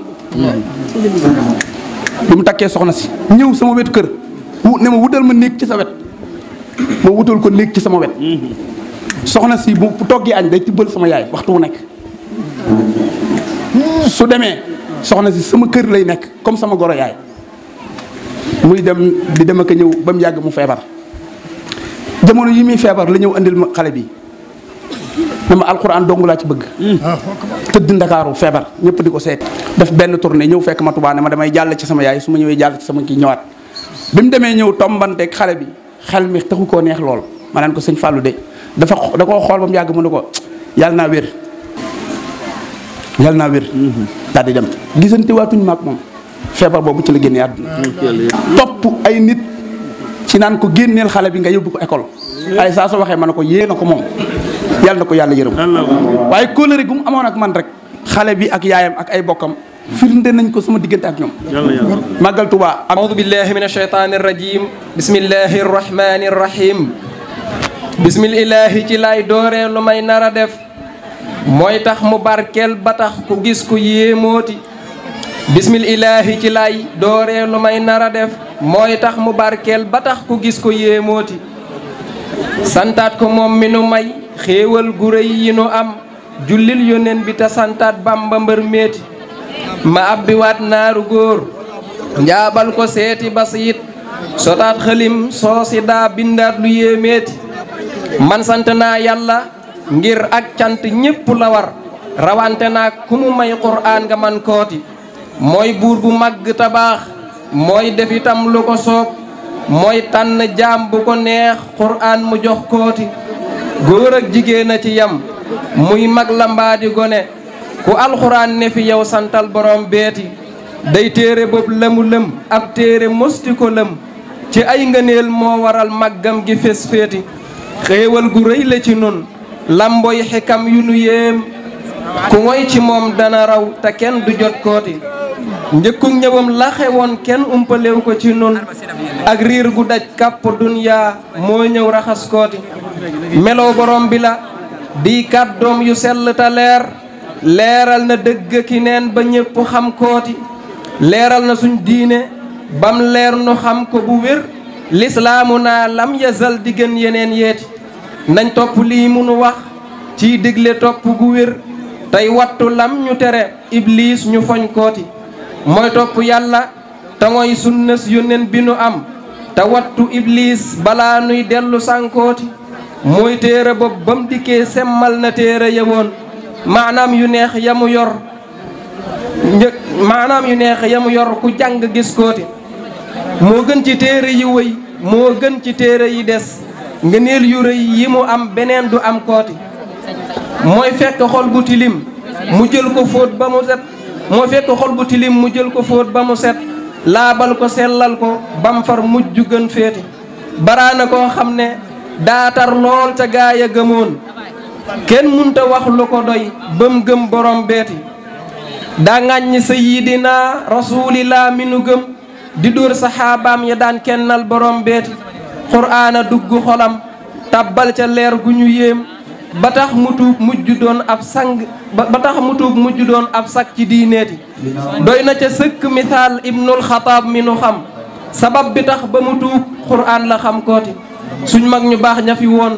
bi mu takkee soxna si ñëw sama wetu kër ne ma wutal ma néeg ci sa wet ma wutal ko néeg ci sama wet soxna si bu toggee añ day tibbal sama yaay waxtu wu nekk su demee soxna si sama kër lay nekk comme sama goro yaay muy dem di dem ak ñëw ba mu yàgg mu feebar jamono yi muy feebar la ñëw andil ma xale bi na ma alxuraan dong laa ci bëgg. tëdd ndakaaru feebar ñëpp di ko seet. def benn tournée ñëw fekk ma Tuubaa ma damay jàll ci sama yaay su ma ñëwee jàll ci sama kii ñëwaat bi mu demee ñëw tombanteeg xale bi xel mi taxu koo neex lool ma naan ko sëñ fàllu de dafa da xool ba mu yàgg mu ne ko yàlla naa wér. yàlla na wér. daal di dem gisante waatuñ maag moom feebar boobu ci la génnee àdduna. Ah, topp ay nit ci naan ko génneel xale bi nga yóbbu ko école. ay saa soo waxee ma ne ko yéena ko moom yàlla na ko yàlla yërëm. waaye kóolëre gu amoon ak man rek. xale bi ak yaayam ak ay bokkam. firnde nañ ko sama diggante ak ñoom. màggal Tuubaa. aoudu billahi min ashaytaani rajim. bismillahi rahmani rahim. bismillahi ci laay dooree lu may nar a def. mooy tax mu barkeel ba tax ku gis ku yéemooti bismillaahi ci lay dooree lu may nara def mooy tax mu barkeel ba tax ku gis ko yéemooti santaat ko moom mi nu may xéewal gu yi nu am jullil yónneen bi te santaat bamba mbër meeti ma abbiwaat naaru góor njaabal ko seeti basiit sotaat xëlim soosi daa bindaat lu yéemeeti man naa yàlla ngir ak cant ñépp la rawante naa ku mu may quraan nga man kooti mooy buur bu màgg tabaax mooy def itam lu ko soob mooy tànn jaam bu ko neex quraan mu jox kooti góor ak jigéen ci yam muy mag la mbaadi gone ku alxuraan ne fi yow santal borom beeti day téere boobu lëmu lëm ab téere mosti ko lëm ci ay ngëneel moo waral màggam gi fés féeti xéewal gu rëy la ci nun làmbooy xikam yu nu yéem ku ngoy ci moom dana raw te kenn du jot kooti njëkkug ñëwam la xewoon kenn umpalew ko ci nun ak riir gu daj kàpp dunyaa moo ñëw raxas kooti meloo borom bi la di kàddoom yu sell ta leer leeral na dëgg ki neen ba ñépp xam kooti leeral na suñ diine bam leer nu xam ko bu wér lislaamu naa lam yazal di gën yeneen yeeti nañ topp lii mënu wax ciy digle topp gu wér tey wattu lam ñu tere iblis ñu foñ kooti mooy topp yàlla te mooy sunnas yónneen bi nu am te wattu ibliis balaa nuy dellu sànkooti mooy téere bopp ba mu dikkee semmal na téere ya woon maanaam yu neex ya yor maanaam yu neex yamu yor ku jàng gis kooti moo gën ci téere yi wëy moo gën ci téere yi des ngëneel yu rëy yi mu am beneen du am kooti mooy fekk xol bu tilim mu jël ko fóot ba mu set xol bu mu jël ko fóot ba mu set laabal ko sellal ko bam far mujj gën féete baraana koo xam ne daatar lool ca gaay a gëmoon kenn munta wax lu ko doy bëm gëm borom beeti daa sa sayyidina rasulillah mi nu gëm di dóor saxaabaam ya daan kennal borom beeti xuraana dugg xolam tàbbal ca leer gu ñu yéem ba tax mu tuub mujj doon ab sang ba tax mu tuub mujj doon ab sag ci diineeti doy na ca sëkk misaal ibnul xataab mi nu xam sabab bi tax ba mu tuub xuraan la xam kooti suñ mag ñu baax ña fi woon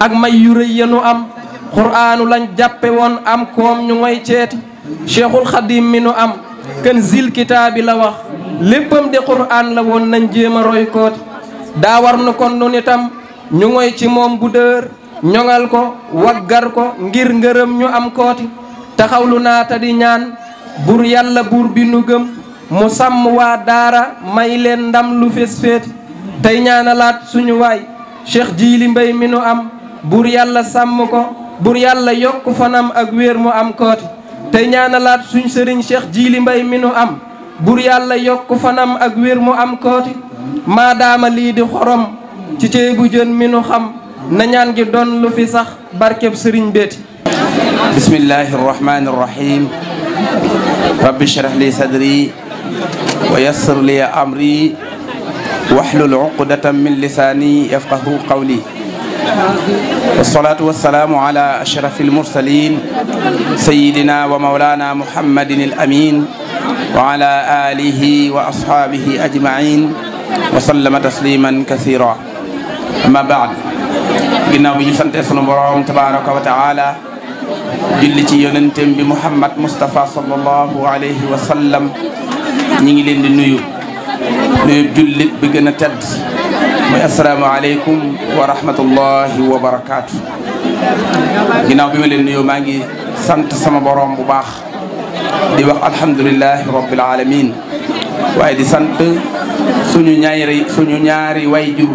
ak may yu rëy ya nu am xuraanu lañ jàppe woon am koom ñu ngoy ceeti cheikhul xadim mi nu am kën zil kitaabi la wax léppam di xuraan la woon nañ jéem a roy kooti daa war nu kon nun itam ñu ngoy ci moom bu dër ñoŋal ko waggar ko ngir ngërëm ñu am kooti taxawlu naata di ñaan buur yàlla buur bi nu gëm mu sàmm waa daara may leen ndam lu fés féeti tey ñaanalaat suñu waay Cheikh Jiili Mbay mi nu am buur yàlla sàmm ko buur yàlla yokk fanam ak wéer mu am kooti tey ñaanalaat suñ sëriñ Cheikh Jiili Mbay mi nu am buur yàlla yokk fanam ak mu am kooti maadaama lii di xorom ci ceebu jën mi nu xam na ñaan gi doon lu fi sax barkeb sëriñ béeti bismillahi arrahmani irrahim rabbi shrah li sadri wa yassir li amri wahlul uqdatan min lisaani yafqahu qawli wasalaatu wasalaamu ala ashrafi almursalin sayidina wa maulana muhammadin al amin wa ala alihi wa ashabihi ajmain wa sallama tasliman kasira amma baad ginnaaw bi ñu santee sunu borom tabaraka wa taala julli ci yonenteem bi Muhammad Moustapha sallallahu alayhi wa sallam ñi ngi leen di nuyu nuyu jullit bi gën a tedd mooy assalaamu aleykum wa rahmatullahi wa barakaatu ginnaaw bi ma leen nuyu maa ngi sant sama borom bu baax di wax alhamdulilahi rabbil alamin waaye di sant suñu ñaari suñu ñaari way jur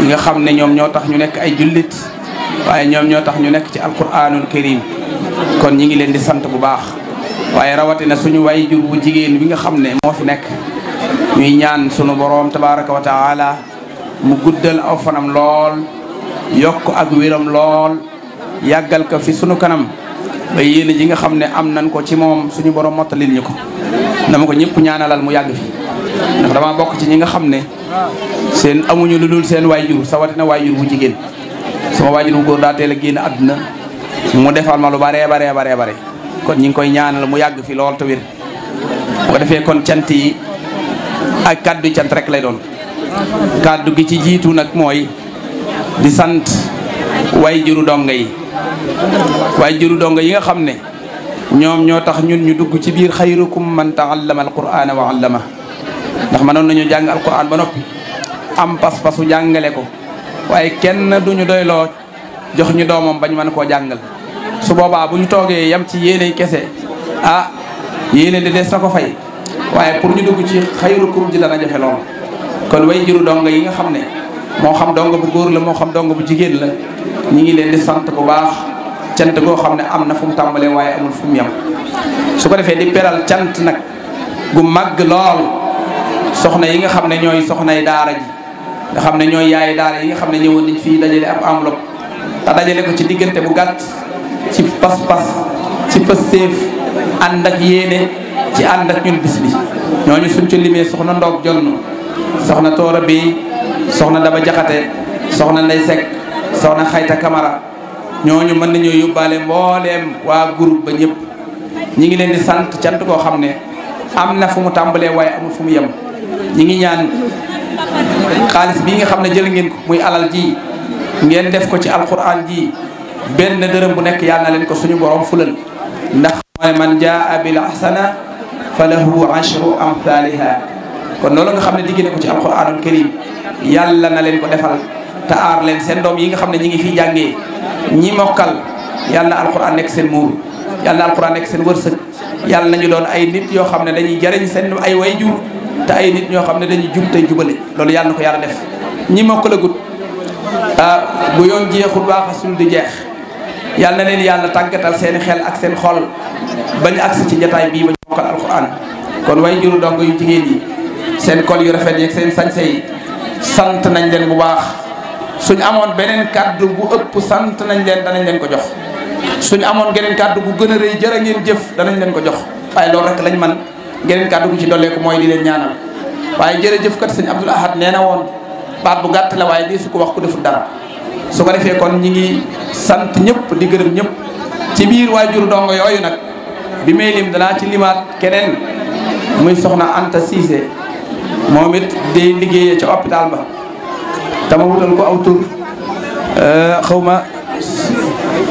ñi nga xam ne ñoom ñoo tax ñu nekk ay jullit waaye ñoom ñoo tax ñu nekk ci alquranul karim kon ñi ngi leen di sant bu baax waaye rawatina suñu way jur bu jigéen bi nga xam ne moo fi nekk ñuy ñaan sunu boroom tabaraka wa taala mu guddal aw fanam lool yokk ak wéram lool yàggal ko fi sunu kanam ba yéene ji nga xam ne am nan ko ci moom suñu borom mottalil ñu ko dama ko ñëpp ñaanalal mu yàgg fi ndax dama bokk ci ñi nga xam ne seen amuñu lu dul seen waajur sawatina waajur bu jigéen suma waajur bu góor daa teel a génn àdduna mu defal ma lu baree baree baree bare kon ñi ngi koy ñaanal mu yàgg fi lool te wér bu defee kon cant yi ak kàddu cant rek lay doon kàddu gi ci jiitu nag mooy di sant waajuru donga yi waajuru donga yi nga xam ne ñoom ñoo tax ñun ñu dugg ci biir xayrukum man taallama alqur'ana wa allama ndax mënoon nañu jàng alquran ba noppi am pas-pasu jàngale ko waaye kenn du ñu doyloo jox ñu doomam bañ mën koo jàngal su boobaa bu ñu toogee yam ci yéene kese ah yéene di des na fay waaye pour ñu dugg ci xayru kur ji dana jafe lool kon way juru dong yi nga xam ne moo xam dong bu góor la moo xam dong bu jigéen la ñi ngi leen di sant bu baax cant goo xam ne am na fu mu tàmbalee waaye amul fu mu yem su ko defee di peral cant nag gu màgg lool soxna yi nga xam ne ñooy soxnay daara ji nga xam ne ñooy yaay daara yi nga xam ne ñëwoon nañ fii dajale ab enveloppe te dajale ko ci diggante bu gàtt ci pas-pas ci pëstéef ànd ak yéene ci ànd ak ñun bis bi ñoo suñ ci limee soxna ndoog jonn soxna toora bi soxna daba jaxate soxna nday sek soxna xayta kamara ñooñu mën nañoo yóbbaale mbooleem waa groupe ba ñëpp ñi ngi leen di sant cant koo xam ne am na fu mu tàmbalee waaye amul fu mu yem ñi ngi ñaan xaalis bii nga xam ne jël ngeen ko muy alal ji ngeen def ko ci alquran ji benn dërëm bu nekk yàlla na leen ko suñu borom fulal ndax mooy man jaa bil ahsana fa lahu ashru amthaliha kon loolu nga xam ne digg na ko ci alquranul karim yàlla na leen ko defal te aar leen seen doom yi nga xam ne ñi ngi fi jàngee ñi mokkal yàlla na alquran nekk seen muur yàlla na alquran nekk seen wërsëg yàlla nañu doon ay nit yoo xam ne dañuy jariñ seen ay wayjur te ay nit ñoo xam ne dañuy jub tey jubale loolu yàlla na ko yàlla def ñi mokk la gut ah bu yoon jeexul suñu di jeex yàlla na leen yàlla tàggatal seeni xel ak seen xool bañ agsi ci jataay bii ba ñu mokkal alquran kon way juru dongo yu jigéen yi seen kol yu rafet yeeg seen sañse yi sant nañ leen bu baax suñu amoon beneen kàddu bu ëpp sant nañ leen danañ leen ko jox suñu amoon geneen kàddu bu gën a rëy jërë ngeen jëf danañ leen ko jox waaye loolu rek lañ man geneen kàddu gu ci dolleeku mooy di leen ñaanal waaye jërëjëf kat sëñ Abdoul Ahad nee na woon baat bu gàtt la waaye lii su ko wax ku deful dara su ko defee kon ñi ngi sant ñëpp di gërëm ñëpp ci biir waajur dongo yooyu nag bi may lim danaa ci limaat keneen muy soxna Anta Cissé moom it day liggéeyee ca hôpital ba dama wutal ko aw tur euh, xaw ma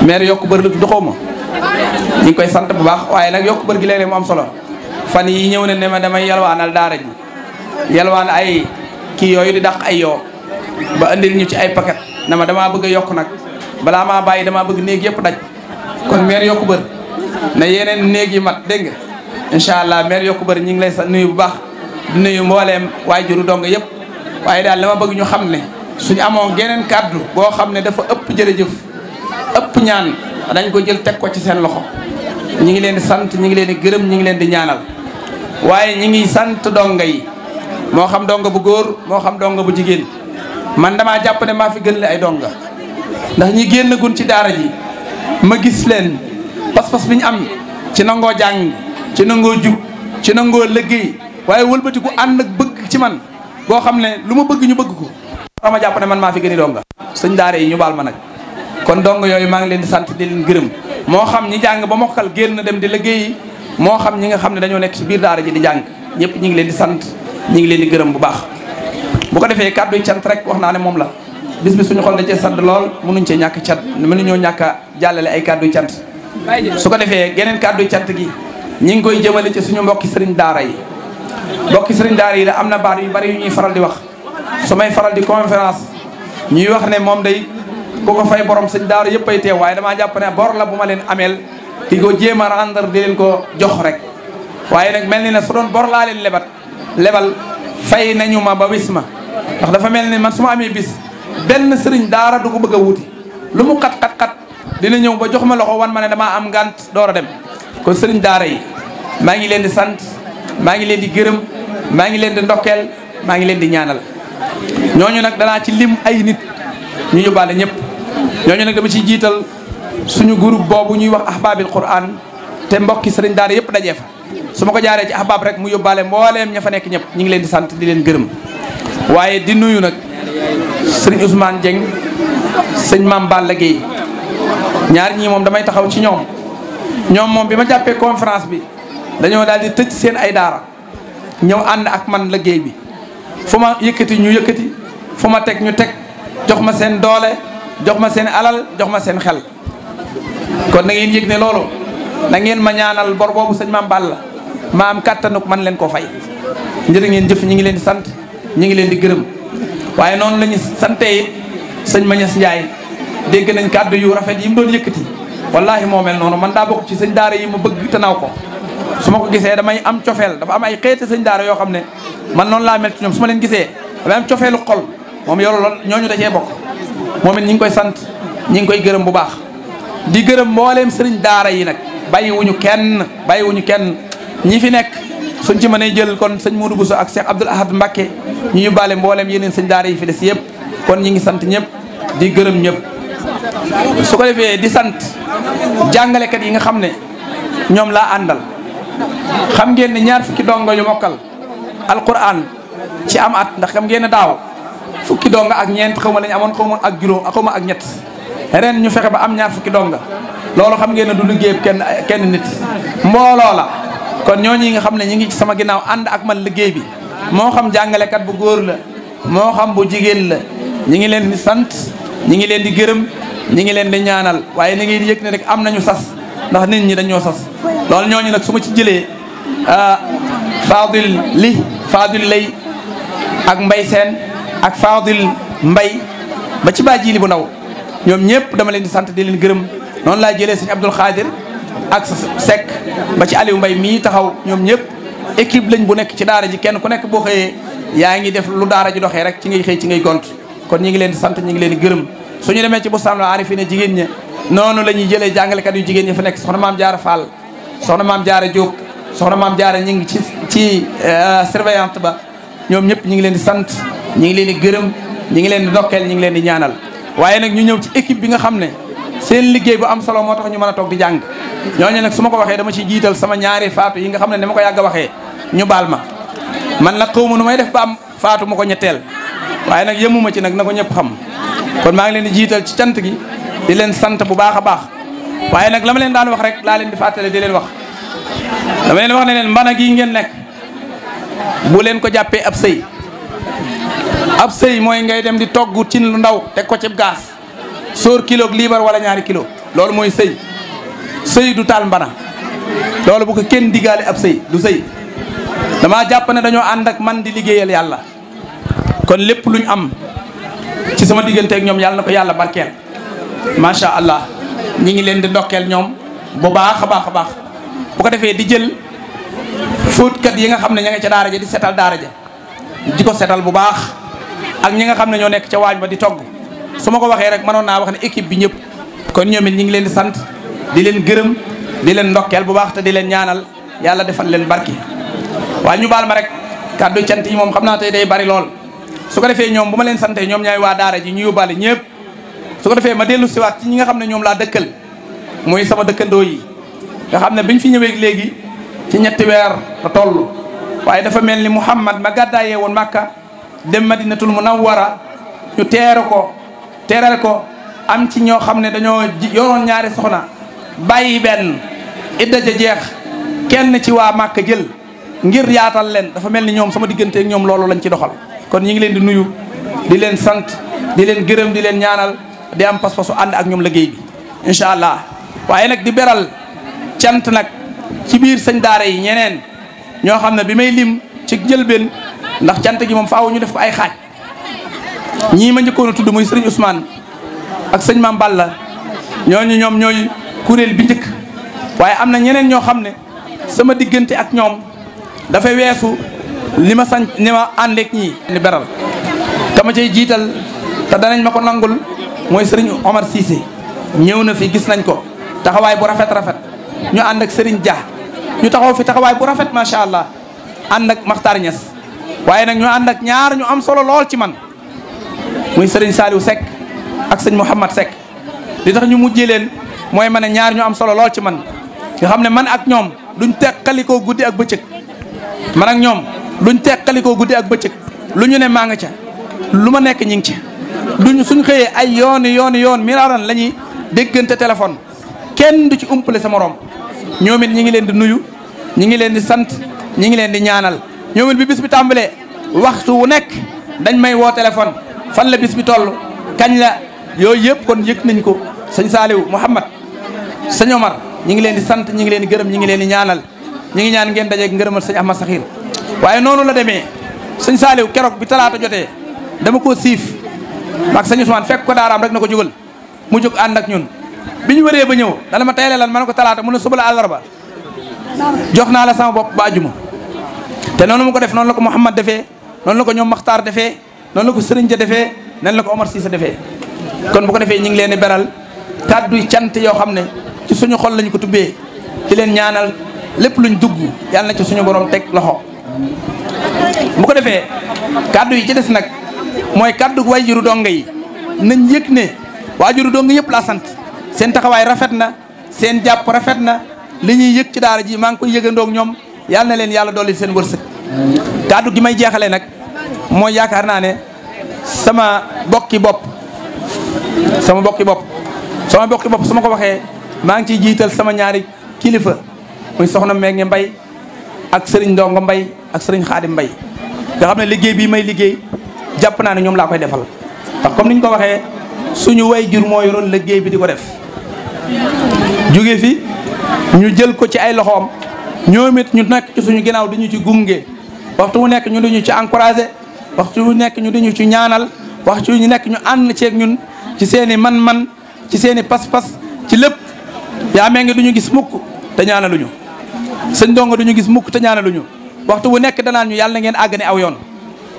maire yokku bër du xaw ma ñu ngi koy sant bu baax waaye nag yokk bër gi léeg mu am solo fan yi ñëw na ne ma damay yalwaanal daara ji yalwaan ay kii yooyu di dàq ay yoo ba indil ci ay paquet na ma damaa bëgg a yokk nag balaa maa bàyyi damaa bëgg néeg yëpp daj kon meer yokku bër na yeneen néeg yi mat dégg nga incha allah meer yokku bër ñu ngi lay sa nuyu bu baax di nuyu mbooleem juru dong yëpp waaye daal dama bëgg ñu xam ne suñu amoon geneen kàddu boo xam ne dafa ëpp jërëjëf ëpp ñaan dañ ko jël teg ko ci seen loxo ñu ngi leen di sant ñu ngi leen di gërëm ñu ngi leen di ñaanal waaye ñi ngi sant donga yi moo xam donga bu góor moo xam donga bu jigéen man damaa jàpp ne maa fi gën le ay donga ndax ñi génn gun ci daara ji ma gis leen pas-pas bi ñu am ci nangoo jàng ci nangoo jub ci nangoo liggéey waaye wëlbatiku ànd ak bëgg ci man goo xam ne lu ma bëgg ñu bëgg ko dama jàpp ne man maa fi gën i donga suñ daara yi ñu baal ma nag kon donga yooyu maa ngi leen di sant di leen gërëm moo xam ñi jàng ba mokkal génn dem di liggéey moo xam ñi nga xam ne dañoo nekk ci biir daara ji di jàng ñëpp ñu ngi leen di sant ñu ngi leen di gërëm bu baax bu ko defee kàddu cant rek wax naa ne moom la bis bi suñu xol da cee sadd lool mënuñ cee ñàkk cant mënuñoo ñàkk jàllale ay kàddu cant su ko defee geneen kàddu cant gi ñi ngi koy jëmale ci suñu mbokki sëriñ daara yi mbokki sëriñ daara yi da am na baat yu bari yu ñuy faral di wax su may faral di conférence ñuy wax ne moom day koo ko fay borom sëñ daara yëpp ay teew waaye damaa jàpp ne bor la bu ma leen ameel di ko jéem a rendre di leen ko jox rek waaye nag mel ni ne su doon bor laa leen lebat lebal fay nañu ma ba wis ma ndax dafa mel ni man su ma amee bis benn sëriñ daara du ko bëgg a wuti lu mu xat xat xat dina ñëw ba jox ma loxo wan ma ne damaa am ngànt door a dem kon sëriñ daara yi maa ngi leen di sant maa ngi leen di gërëm maa ngi leen di ndokkeel maa ngi leen di ñaanal ñooñu nag danaa ci lim ay nit ñu yóbbaale ñëpp ñooñu nag dama ciy jiital suñu groupe boobu ñuy wax ahbaabil quran te mbokki sëriñ daara yëpp dajee fa su ma ko jaaree ci ahbaab rek mu yóbbaale mbooleem ña fa nekk ñëpp ñu ngi leen di sant di leen gërëm waaye di nuyu nag sëriñ Ousmane Dieng sëñ Mame Balla Gueye ñaar ñii moom damay taxaw ci ñoom ñoom moom bi ma jàppee conférence bi dañoo daal di tëj seen ay daara ñëw ànd ak man liggéey bi fu ma yëkkati ñu yëkkati fu ma teg ñu teg jox ma seen doole jox ma seen alal jox ma seen xel kon nangeen yéeg ne loolu na ngeen ma ñaanal bor boobu sëñ maam la ma am kàttanuk man leen koo fay njëriñ ngeen jëf ñu ngi leen di sant ñu ngi leen di gërëm waaye noonu la ñu sante it sëñ Mañas Ndiaye dégg nañ kàddu yu rafet yi mu doon yëkkati wallaahi moo mel noonu man daa bokk ci sëñ daara yi ma bëgg te naw ko su ma ko gisee damay am cofeel dafa am ay xeeti sëñ daara yoo xam ne man noonu laa mel ci ñoom su ma leen gisee damay am cofeelu xol moom yoru lool ñooñu da cee bokk moom it ngi koy sant ñi ngi koy gërëm bu baax di gërëm mbooleem sëriñ daara yi nag bàyyiwuñu kenn bàyyiwuñu kenn ñi fi nekk suñ ci mënee jël kon sëñ Modou Bousso ak Cheikh Abdoul Ahad Mbacké ñu ñu baale mbooleem yeneen sëñ daara yi fi des yëpp kon ñi ngi sant ñëpp di gërëm ñëpp su ko defee di sant jàngalekat yi nga xam ne ñoom laa àndal xam ngeen ne ñaar fukki dongo yu mokkal alquran ci am at ndax xam ngeen ne daaw fukki dongo ak ñeent xaw ma lañ amoon xaw ak juróom xaw ak ñett ren ñu fexe ba am ñaar fukki donga loolu xam ngeen ne du liggéey kenn kenn nit mbooloo la kon ñooñu nga xam ne ñi ngi ci sama ginnaaw ànd ak man liggéey bi moo xam jàngalekat bu góor la moo xam bu jigéen la ñi ngi leen di sant ñi ngi leen di gërëm ñi ngi leen di ñaanal waaye ni ngi yëg ne rek am nañu sas ndax nit ñi dañoo sas loolu ñooñu nag su ma ci jëlee ah, Fadil li Fadil lay ak Mbay Seen ak Fadil Mbay ba ci baa bu ndaw ñoom ñëpp dama leen di sant di leen gërëm noonu laa jëlee sëñ Abdul Xaadir ak sa Seck ba ci Aliou Mbay mii taxaw ñoom ñëpp équipe lañ bu nekk ci daara ji kenn ku nekk boo xëyee yaa ngi def lu daara ji doxee rek ci ngay xëy ci ngay gont kon ñi ngi leen di sant ñi ngi leen di gërëm suñu demee ci bustaanul aarifiina jigéen ña noonu la jëlee jàngalekat yu jigéen ñi fa nekk soxna maam jaara Fall soxna maam jaara Diop soxna maam jaara ñi ngi ci ci euh, surveillante ba ñoom ñëpp ñi ngi leen di sant ñi ngi leen di gërëm ñi ngi leen di ndokkeel ñi ngi leen di ñaanal waaye nag ñu ñëw ci équipe bi nga xam ne seen liggéey bu am solo moo tax ñu mën a toog di jàng ñooñu nag su ma ko waxee dama ci jiital sama ñaari faatu yi nga xam ne dama ko yàgg waxee ñu baal ma man nag xaw ma nu may def ba am faatu ma ko ñetteel waaye nag yemuma ci nag na ko ñëpp xam kon maa ngi leen di jiital ci cant gi di leen sant bu baax a baax waaye nag lama leen daan wax rek laa leen di fàttale di leen wax dama leen wax ne leen mbana gii ngeen nekk bu leen ko jàppee ab sëy ab sëy mooy ngay dem di toggu cin lu ndaw teg ko cib gaas sóor kilo liibar walla ñaari kilo loolu mooy sëy sëy du taal mbana loolu bu ko kenn digaale ab sëy du sëy dama jàpp ne dañoo ànd ak man di liggéeyal yàlla kon lépp luñ am ci sama diggante ak ñoom yàlla na ko yàlla barkeel macha allah ñi ngi leen di ndokkeel ñoom bu baax a baax a baax bu ko defee di jël fóotkat yi nga xam ne ña nga ca daara ja di setal daara ja di ko setal bu baax ak ñi nga xam ne ñoo nekk ca waañ ba di togg su ma ko waxee rek manoon naa wax ne équipe bi ñëpp kon ñoom it ñi ngi leen di sant di leen gërëm di leen ndokkeel bu baax te di leen ñaanal yàlla defal leen barki waaye ñu baal ma rek kàddu cant yi moom xam naa tey day bari lool su ko defee ñoom bu ma leen santee ñoom ñooy waa daara ji ñu yóbbaale ñëpp su defee ma dellu siwaat ñi nga xam ne ñoom laa dëkkal muy sama dëkkandoo yi nga xam ne ñu fi ñëwee léegi ci ñetti weer la toll waaye dafa mel ni Muhammad ma gàddaayee woon Makka dem Madinatul Munawwara ñu teere ko teeral ko am ci ñoo xam ne dañoo yoroon ñaari soxna bàyyi benn idda jeex kenn ci waa Makka jël ngir yaatal leen dafa mel ni ñoom sama diggante ak ñoom loolu lañ ci doxal kon ñi ngi leen di nuyu di leen sant di leen gërëm di leen ñaanal di am pas-pasu ànd ak ñoom liggéey bi incha allah waaye nag di beral cant nag ci biir sëñ yi ñeneen ñoo xam ne bi may liim ci njëlbeen ndax cant gi moom faaw ñu def ko ay xaaj ñii ma njëkkoon a tudd muy sëriñ Ousmane ak sëñ Maam Balla ñooñu ñoom ñooy kuréel bi njëkk waaye am na ñeneen ñoo xam ne sama diggante ak ñoom dafay weesu li ma sañ ni ma àndeek ñii ni beral dama cay jiital te danañ ma ko nangul mooy sëriñ Omar Cissé ñëw na fi gis nañ ko taxawaay bu rafet rafet ñu ànd ak sëriñ Dia ñu taxaw fi taxawaay bu rafet macha allah ànd ak Makhtar Niass waaye nag ñu ànd ak ñaar ñu am solo lool ci man muy sëriñ Saliou Seck ak sëñ Mouhamad Seck li tax ñu mujje leen mooy ma ne ñaar ñu am solo lool ci man nga xam ne man ak ñoom duñ teqalikoo guddi ak bëccëg man ak ñoom duñ teqalikoo guddi ak bëccëg lu ñu ne maa nga ca lu ma nekk ñi ngi ci duñ suñ xëyee ay yooni yooni yoon miraaran la ñuy déggante téléphone kenn du ci umpale sa morom ñoom it ñi ngi leen di nuyu ñi ngi leen di sant ñi ngi leen di ñaanal ñoom bi bis bi tàmbalee waxtu wu nekk dañ may woo téléphone fan la bis bi toll kañ la yooyu yëpp kon yëg nañ ko sëñ Saliou Mouhamad sëñ Omar ñi ngi leen di sant ñi ngi leen di gërëm ñi ngi leen di ñaanal ñi ngi ñaan ngeen dajeeg ngërëmal sëñ Ahmad Sakhir waaye noonu la demee sëñ Saliou keroog bi talaata jotee dama ko siif maag sëñ Ousmane fekk ko daaraam rek na ko jógal mu jóg ànd ak ñun bi ñu wëree ba ñëw dana ma tayale lan ma ne ko talaata mu ne suba la àllarba jox naa la sama bopp ba àjjuma te noonu mu ko def noonu la ko Mouhamad defee noonu la ko ñoom Maxtaar defee noonu la ko Sëriñ Ja defee nan la ko Omar Cissé defee kon bu ko defee ñu ngi leen di beral kàdduy cant yoo xam ne ci suñu xol lañ ko tubbee ci leen ñaanal lépp luñ dugg yàlla na ci suñu boroom teg loxo bu ko defee kàddu yi ci des nag mooy kàddu waajuru donga yi nañ yëg ne waajuru donga yëpp laa sant seen taxawaay rafet na seen jàpp rafet na li ñuy yëg ci daara ji maa ngi koy yëgandoog ñoom yàlla na leen yàlla dolli seen wërsëg kàddu gi may jeexalee nag mooy yaakaar naa ne sama bokki bopp sama bokki bopp sama bokki bopp su ma ko waxee maa ngi ciy jiital sama ñaari kilifa muy soxna meeg nge mbay ak sëriñ ndongo mbay ak sëriñ xaadim mbay nga xam ne liggéey bi may liggéey jàpp naa ne ñoom laa koy defal ndax comme ni ñu ko waxee suñu way jur moo yoroon liggéey bi di ko def jóge fi ñu jël ko ci ay loxoom ñoom it ñu nekk ci suñu ginnaaw di ñu ci gunge waxtu wu nekk ñu di ñu ci encouragé waxtu wu nekk ñu di ci ñaanal waxtu wu nekk ñu ànd ceeg ñun ci seen man-man ci seen i pas ci lépp yaa mee ngi du ñu gis mukk te ñaanaluñu sëñ donga du ñu gis mukk te ñaanaluñu waxtu wu nekk danaan ñu yàlla ngeen àgg ne aw yoon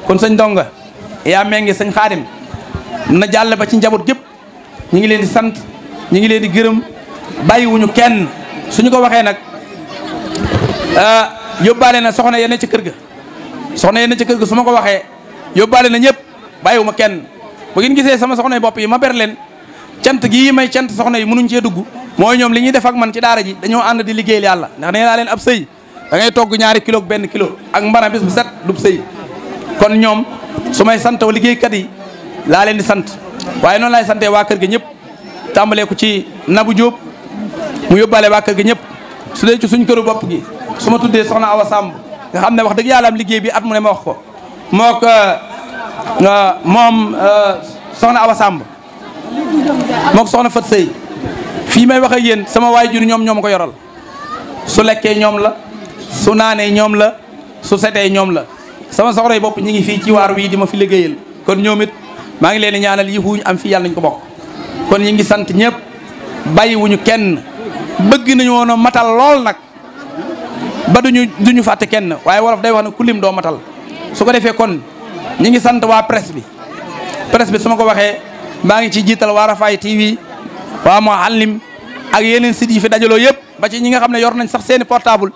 kon sañ donga yaa mee ngi sëñ xaadim na jàll ba ci njaboot gépp ñu ngi leen di sant ñu ngi leen di gërëm bàyyiwuñu kenn suñu ko waxee nag ah, yóbbaale na soxna yenn ci kër ga soxna yenn ci kër ga su ma ko waxee yóbbaale na ñëpp bàyyiwuma kenn bu ngeen gisee sama soxna bopp yi ma ber leen cant gii may cant soxna yi mënuñ cee dugg mooy ñoom li ñuy def ak man ci daara ji dañoo ànd di liggéeyal yàlla ndax nee naa leen ab sëy da ngay togg ñaari kilo benn kilo ak mbana bis bu set dub sëy kon ñoom su may sant liggéeykat yi laa leen di sant waaye noonu laay santee waa kër gi ñëpp tàmbalee ko ci nabu jóob mu yóbbaale waa kër gi ñëpp su dee ci suñ këru bopp gi suma tuddee soxna Awa Samb nga xam ne wax dëgg yàlla liggéey bi at mu ne ma wax ko mook euh, moom euh, soxna Awa Samb mook soxna Fat Sey fii may wax ak yéen sama waajur ñoom ñoom ko yoral su lekkee ñoom la su naanee ñoom la su setee ñoom la sama soxna yi bopp ñi ngi fii ci waar wii di ma fi liggéeyal kon ñoom it maa ngi leen di ñaanal yi huuñ am fi yàlla nañ ko bokk kon ñu ngi sant ñëpp bàyyiwuñu kenn bëgg nañu woon a matal lool nag ba du ñu fàtte kenn waaye wolof day wax ne ku doo matal su ko defee kon ñu ngi sant waa presse bi presse bi su ma ko waxee maa ngi ci jiital waa Rafaay TV waa Mouhalim ak yeneen sites yi fi dajaloo yëpp ba ci ñi nga xam ne yor nañ sax seeni portable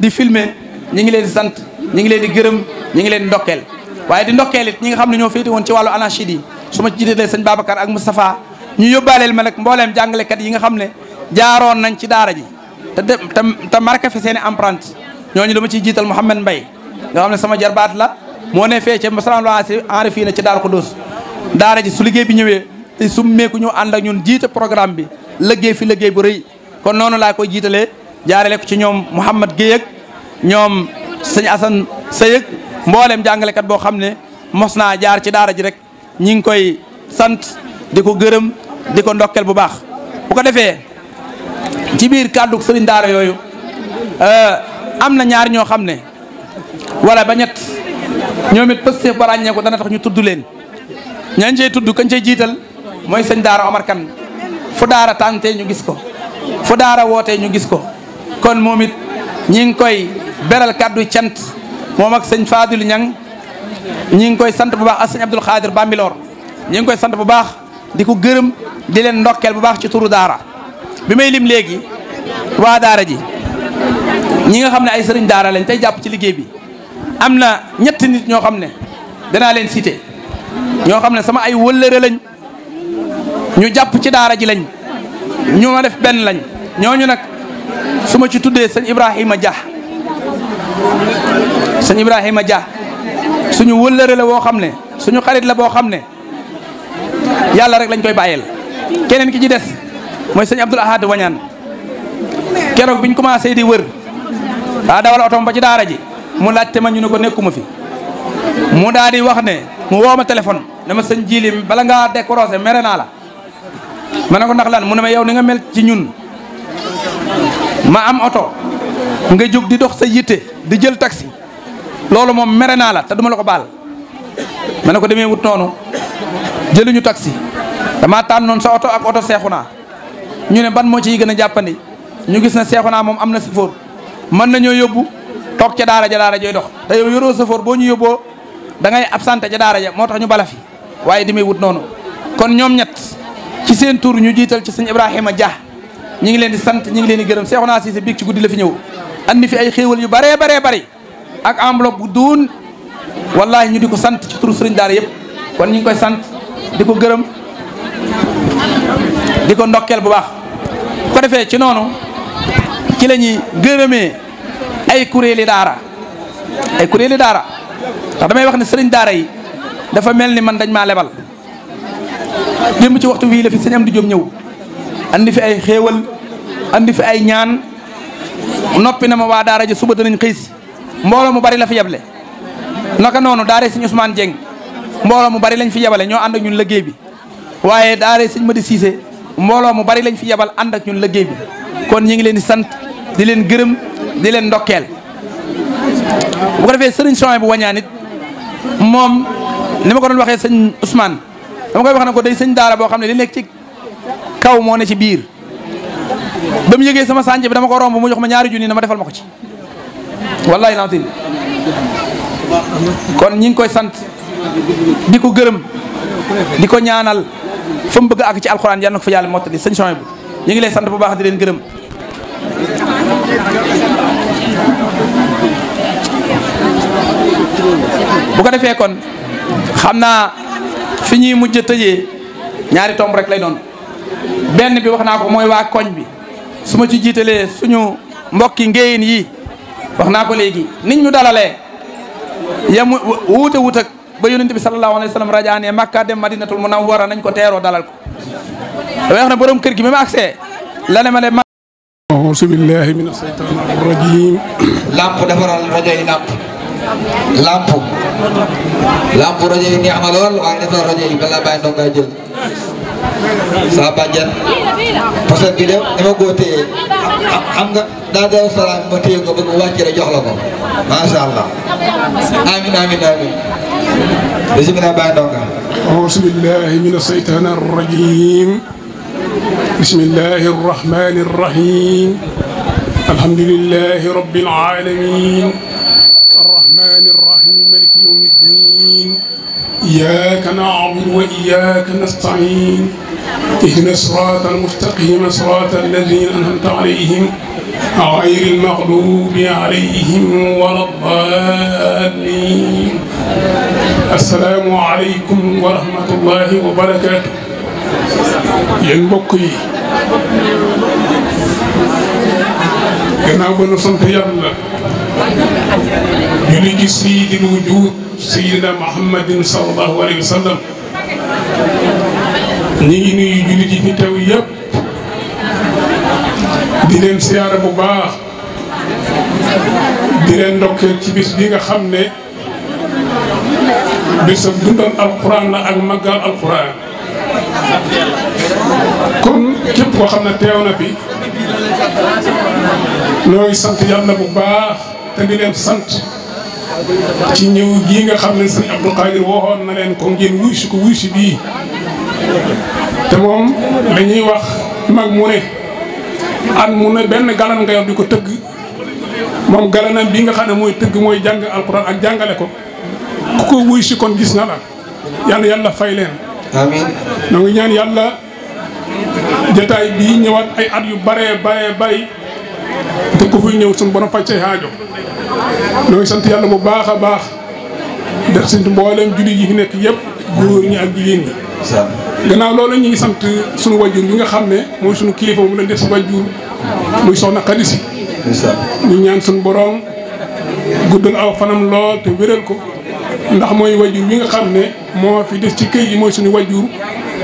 di filmer ñu ngi leen di sant ñu ngi leen di gërëm ñu ngi leen di ndokkeel waaye di ndokkeel it ñi nga xam ne ñoo féete woon ci wàllu anachid su ma ci jiitalee sëñ Babacar ak Moustapha ñu yóbbaaleel ma nag mbooleem jàngalekat yi nga xam ne jaaroon nañ ci daara ji te de te te marqué fi seen i empreinte ñooñu dama ciy jiital Mouhamed mbay nga xam ne sama jarbaat la moo ne fee ca masalamlasi enri fii na ci Daaru Xudoos daara ji su liggéey bi ñëwee te su meeku ñu ànd ak ñun jiite programme bi liggéey fi liggéey bu rëy kon noonu laa koy jiitalee jaarale ko ci ñoom Mouhamed Guèye ak ñoom sëñ Assane Seye ak mbooleem jàngalekat boo xam ne mos naa jaar ci daara ji rek ñi ngi koy sant di ko gërëm di ko ndokkel bu baax bu ko defee ci biir kàddu sëriñ daara yooyu euh, am na ñaar ñoo xam ne wala ba ñett ñoomit it pëstef ba ràññee ko dana tax ñu tudd leen ñañ cey tudd kañ cey jiital mooy sëñ daara Omar Kane fu daara tàntee ñu gis ko fu daara wootee ñu gis ko kon moom it ñi ngi koy beral kàddu cant moom ak sëñ Fadil Ñang ñi ngi koy sant bu baax a sëñ Abdul Xaadir Bambilor ñi ngi koy sant bu baax di ko gërëm di leen ndokkeel bu baax ci turu daara bi may lim léegi waa daara ji ñi nga xam ne ay sëriñ daara lañ tey jàpp ci liggéey bi am na ñetti nit ñoo xam ne danaa leen cité ñoo xam ne sama ay wëllëre lañ ñu jàpp ci daara ji lañ ñu ma def benn lañ ñooñu nag su ma ci tuddee sëñ Ibrahima Dia sëñ Ibrahima Dia suñu wëllëre la woo xam ne suñu xarit la boo xam ne yàlla rek lañ koy bàyyeel keneen ki ci des mooy sëñ Abdoul Ahad Wañaan keroog biñ commencé di wër daa dawal otoom ba ci daara ji mu laajte ma ñu ne ko nekkuma fi mu daal di wax ne mu woo ma téléphone dama sëñ jiili bala ngaa décroché mere naa la ma ne ko ndax lan mu ne ma yow ni nga mel ci ñun ma am oto nga jóg di dox sa yitte di jël taxi loolu moom mere naa la te duma la ko baal ma ne ko demee wut noonu jëluñu taxi damaa tànnoon sa oto ak oto naa ñu ne ban moo ciy gën a jàppandi ñu gis na naa moom am na sëfoor mën nañoo yóbbu toog ca daara ja daara jooy dox te yow yoroo sëfoor boo ñu yóbboo da ngay absenté ca daara ja moo tax ñu bala fi waaye demee wut noonu kon ñoom ñett ci seen tur ñu jiital ci sëñ Ibrahima Dia ñi ngi leen di sant ñi ngi leen di naa Seexuna Siise biig ci guddi la fi ñëw andi fi ay xéewal yu baree baree bari ak enveloppe bu duun wallahi ñu di ko sant ci turu sëriñ yëpp kon ñu ngi koy sant di ko gërëm di ko ndokkeel bu baax bu ko defee ci noonu ci la ñuy gërëmee ay kuréeli daara ay kuréeli daara ndax damay wax ne sëriñ daara yi dafa mel ni man dañ maa lebal démb ci waxtu wii la fi sëñ Amdi Jóob ñëw andi fi ay xéewal indi fi ay ñaan noppi na ma waa daara ji suba danañ xëy si mbooloo mu bari la fi yeble naka noonu daara sëñ Ousmane Dieng mbooloo mu bari lañ fi yebale ñoo ànd ak ñun liggéey bi waaye daare sëñ Madi Cissé mbooloo mu bari lañ fi yebal ànd ak ñun liggéey bi kon ñi ngi leen di sant di leen gërëm di leen ndokkeel bu ko defee sëriñ Sonia bu wañaan moom ni ma ko doon waxee sëñ Ousmane dama koy wax na ko day sëñ daara boo xam ne li nekk ci kaw moo ne ci biir ba mu yëgee sama sànce bi dama ko romb mu jox ma ñaari junni na ma defal ma ko ci wallahi lantin kon ñi ngi koy sant di ko gërëm di ko ñaanal fa bëgg ak ci alxuraan yal ko fa yàlla mottali sëñ Sonia bu ñu ngi lay sant bu baax di leen ko defee kon xam naa fi ñuy mujj tëjee ñaari tomb rek lay doon benn bi wax naa ko mooy waa koñ bi su ma ci jiitalee suñu mbokki ngéyin yi wax naa ko léegi niñ ñu dalalee yemu wuute wut ak ba yonent bi sallallahu alayhi wa sallam rajaanee Makka dem madinatul munawwara nañ ko teero dalal ko damay wax ne borom kër gi bi ma accès la ma ne ma auzu billahi mina shaytaani rajim lamp defaral rajo yi rajo yi neex na rajo yi balaa jël sa bàjjen parce que bi de dama koo téye xam nga daa deew salaam ma téye ko bëgg wàcc la jox la ko macha allah amin amin amin bismillah bàyyi ndonga auzu billahi min asheytaan arrajim bismillahi arrahmani arrahim alhamdulillahi rabbil alamin arrahmani arrahim maliki yawmiddin إياك نعبد وإياك نستعين اهدنا الصراط المستقيم صراط الذين أنعمت عليهم غير المغلوب عليهم ولا الضالين السلام عليكم ورحمة الله وبركاته yéen mbokk yi gannaaw ba nu sant yàlla ñu ngi ci sayyidil wujuud sayyidina muhammadin sallallahu alayhi wa sallam ngi nuyu jullit yi fi teew yëpp di leen siyaara bu baax di leen ndokkeel ci bis bi nga xam ne bésam dundal alquran la ak màggal alquran kon képp koo xam ne teew na fi. ñoo ngi sant yàlla bu baax te di leen sant ci ñëw gii nga xam ne sëñ Abdou Khadir waxoon na leen ko ngeen wuy si ko wuy si bii te moom dañuy wax mag mu ne at mu ne benn galan nga bi ko tëgg moom galanam bii nga xam ne mooy tëgg mooy jàng alxuraan ak jàngale ko ku ko wuy si kon gis na la yàlla yàlla fay leen amiin ñaan yàlla jataay bii ñëwaat ay at yu bare bare bari te ku ñëw suñu borom faj say aajo ñoo ngi sant yàlla bu baax a baax def sant mbooleem jullit yi fi nekk yëpp góor ñi ak jigéen ñi. gannaaw loolu ñu ngi sant suñu wajur bi nga xam ne mooy suñu kilifa mu leen def si wajur muy soxna xadisi ñu ñaan suñu borom guddal aw fanam lool te wéral ko ndax mooy wajur bi nga xam ne moo fi def ci kër yi mooy suñu wajur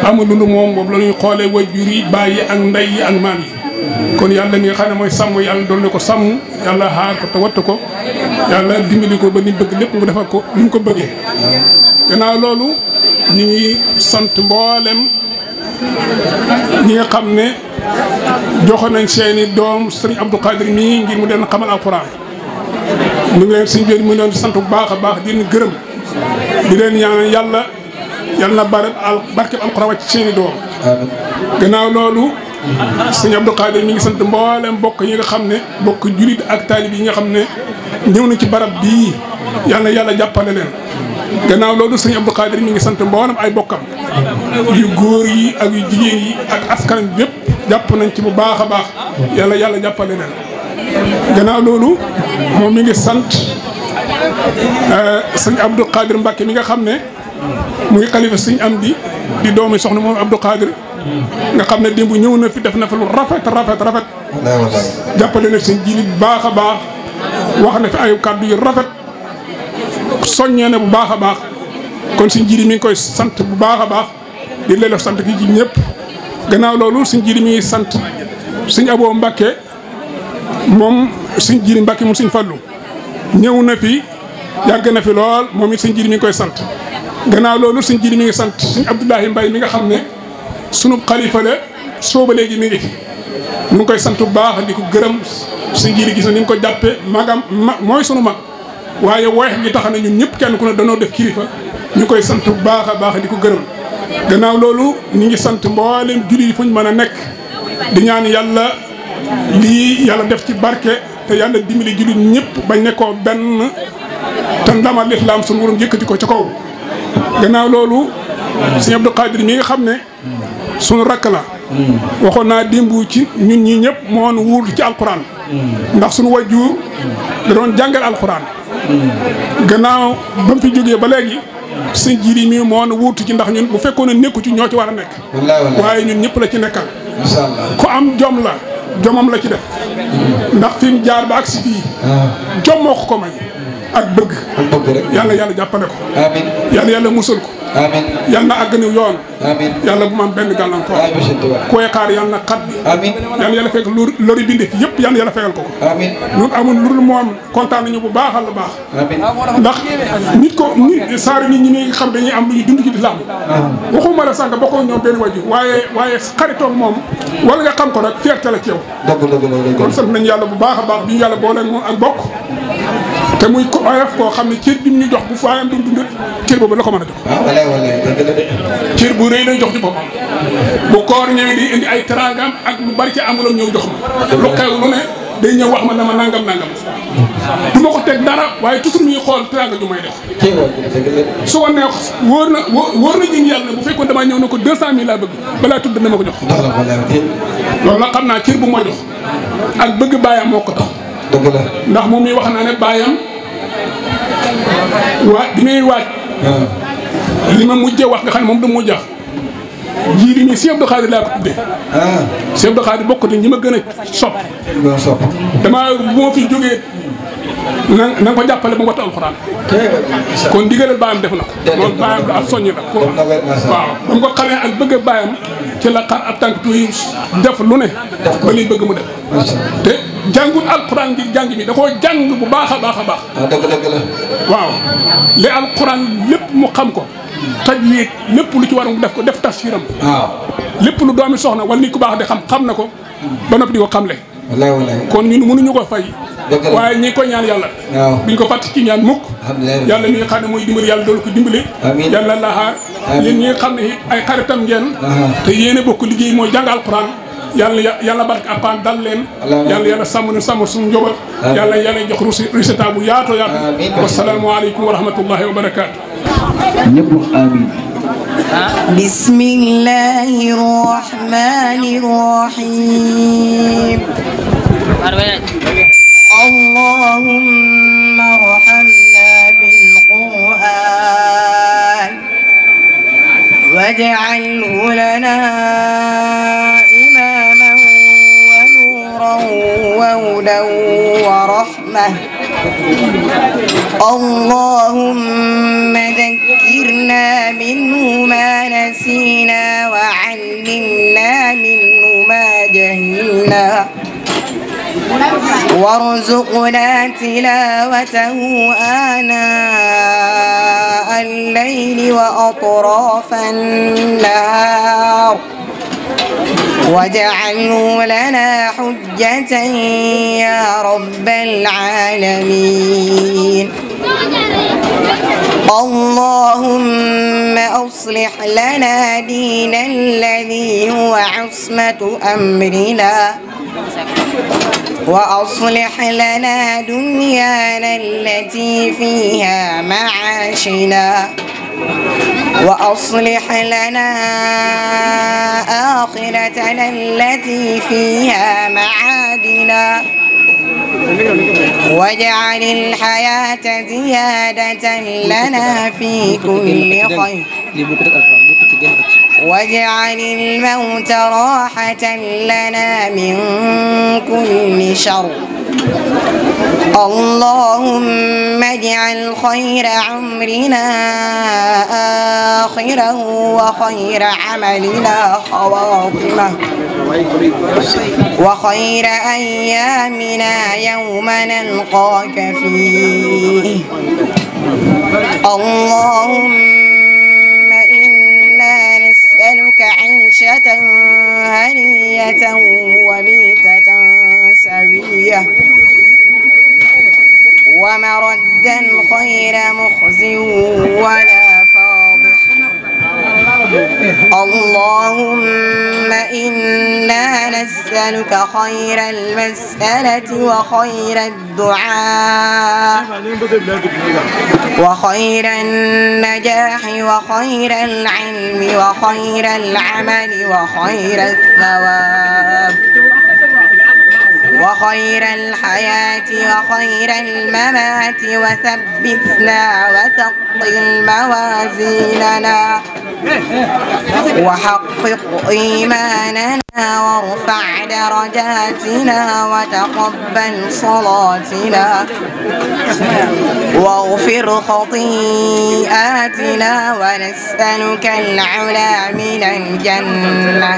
amul lu moom boobu la ñuy xoolee wajur yi bàyyi ak ndey yi ak maam yi. kon yàlla mi nga xam ne mooy sàmm yàlla doon na ko sàmm yàlla xaar ko te wattu ko yàlla dimbali ko ba ni bëgg lépp mu defal ko ni mu ko bëggee gannaaw loolu ñu ngi sant mboolem ñi nga xam ne joxoon nañ seeni doom sëriñ Abdou Khadir mii ngir mu leen xamal alxuraan mu ngi leen suñ biir mu leen sant bu baax a baax di leen gërëm di yàlla yal na bare al barkeb alxuraan wàcc seeni doom gannaaw loolu sëñ Abdou Khadir mi ngi sant mboolem bokk yi nga xam ne bokk julit ak taalib yi nga xam ne ñëw na ci barab bii yal na yàlla jàppale leen gannaaw loolu sëñ Abdou mi ngi sant mboolem ay bokkam góor yi ak ak askan bi yëpp jàpp nañ ci bu baax a baax yàlla yàlla jàppale leen gannaaw loolu moom mi ngi sant eh, sëñ Abdou Khadir Mbacke mi nga xam ne muy kalifa sëñ am di di doomi soxna moom Abdou Khadir nga xam ne démb ñëw na fi def na fa rafet rafet rafet jàppale na sëñ jili bu baax a baax wax na fi ay kàddu yu rafet soññee na bu baax a baax kon sëñ jili mi ngi koy sant bu baax a baax di leen sant ki ci ñëpp gannaaw loolu sëñ jili mi ngi sant sëñ Aboo Mbàkke moom sëñ jili Mbàkke moom sëñ Fallu ñëw na fi yàgg na fi lool moom it sëñ jili mi koy sant gannaaw loolu suñ jili mi ngi sant suñ Abdoulahi Mbaye mi nga xam ne sunu xalifa la sooba léegi mi ngi mu ngi koy sant bu baax di ko gërëm suñ jili gis na ni ko jàppee magam ma mooy sunu mag waaye woyex gi tax na ñun ñëpp kenn ku ne danoo def kilifa ñu koy sant bu baax a baax di ko gërëm gannaaw loolu ñu ngi sant mboolem julli yi fu ñu mën a nekk di ñaan yàlla lii yàlla def ci barke te yàlla dimbali julli ñëpp bañ nekkoo benn te ndamal lislaam sunu wurum yëkkati ko ca kaw gannaaw loolu sëñ Abdou Khadir mi nga xam ne sunu rakk la waxoon naa démb ci ñun ñi ñëpp moon wuur ci alquran ndax sunu wajju da doon jàngal alquran gannaaw ba fi jógee ba léegi sëñ jiri mi moo na wuutu ci ndax ñun bu fekkoon ne nekku ci ñoo ci war a nekk waaye ñun ñëpp la ci nekkal ku am jom la jomam la ci def ndax fi mu jaar ba agsi fii ah. jom ko may ak bëgg ak bëgg rek yàlla yàlla jàppale ko amiin yàlla yàlla musal ko amiin yàlla na àgg niw yoon amiin yàlla bu ma am benn gàllankoor koy xaar yàlla na xat bi amiin yàlla yàlla fekk lu lori bindee fi yëpp yàlla yàlla fegal ko ko amiin ñun amul lu dul moom kontaan nañu bu baax la baax amiin ndax nit ko nit saari nit ñi ñuy xam dañuy am lu ñu dund ci lislaam waxuma la sànq bokkoo ñoom benn waju waaye waaye xaritoog moom wala nga xam ko nag fierté la ci yow kon sant nañu yàlla bu baax a baax bi ñu yàlla boole moom ak bokk te muy ko oyof koo xam ne cër bi mu ñu jox bu faayam du dund cër boobu la ko mën a jox. waaw ah, walaay walaay dëgg bu rëy lay jox ci boppam. bu koor ñëwee di indi ay teraangam ak lu bari ci amuloo ñëw jox ma. lu xew lu ne day ñëw wax ma dama nangam nangam. bu ma ko teg dara waaye toujours muy xool teraanga ju may def. su ko neex wóor na wóor na ñu yàlla ne bu fekkoon damaa ñëw ne ko 200000 laa bëgg balaa tudd dama ko jox. loolu la xam naa cër bu ma jox. ak bëgg baayam moo ko tax. dëgg ndax moom mi wax naa ne baayam waa bi waaj. Ah. li ma mujjee wax nga xam ne moom du mu jax jii li muy Cheikh Abdou Khadir laa ko tuddee. Ah. Cheikh Abdou Khadir bokk nañ ñi ma gën a sopp. sopp damaa bu ma fi jógee. na na nga ko jàppale ba mu wattu alxuraan. kon ndigalal baayam def na ko. loolu baayam la ab soññ waaw ba mu ko xamee ak bëgg a baayam ci la xar ab tànk def lu ne. ba liy bëgg mu def. te. jàngul alquran ngir jàng bi da koo jàng bu baax a baax a baax. waaw ah, dëgg la. waaw li alquran lépp mu xam ko. tajwid lépp lu ci war mu def ko def tafsiram. waaw ah. lépp lu doomi soxna wala nit ku baax di xam xam na ko. ba noppi di ko xamle. wallaay wallaay kon ñun mënuñu ko fay. waaye ñi ko ñaan yàlla biñ ko fàtt ci ñaan mukk yàlla mi nga xam ne mooy dimbali yàlla doolu ko dimbali yàlla laxaa yéen ñi xam ne ay xaritam ngeen te yéen a bokk liggéey mooy jàng alquran yàlla yàlla barke appaan dal leen yàlla yàlla sàmm na sàmm suñu njaboot yàlla yàlla jox résultat bu yaatoo yaatu wasalaamualeykum wa rahmatullahi wa barakaatu ñëpp wax amin bismillahi rahmani rahim اللهم ارحمنا بالقرآن واجعله لنا وهدى ورحمة اللهم ذكرنا منه ما نسينا وعلمنا منه ما جهلنا وارزقنا تلاوته آناء الليل وأطراف النهار واجعله لنا حجة يا رب العالمين اللهم أصلح لنا دين الذي هو عصمة أمرنا وأصلح لنا دنيانا التي فيها معاشنا وأصلح لنا آخرتنا التي فيها معادنا واجعل الحياة زيادة لنا في كل خير واجعل الموت راحة لنا من كل شر اللهم اجعل خير عمرنا آخره وخير عملنا خواتمه وخير أيامنا يوم نلقاك فيه اللهم لك عيشة هنية وميتة سوية ومردا خير مخزي ولا اللهم إنا نسألك خير المسألة وخير الدعاء وخير النجاح وخير العلم وخير العمل وخير الثواب وخير الحياة وخير الممات وثبتنا وثق الموازيننا وحقق إيماننا وارفع درجاتنا وتقبل صلاتنا واغفر خطيئاتنا ونسألك العلا من الجنة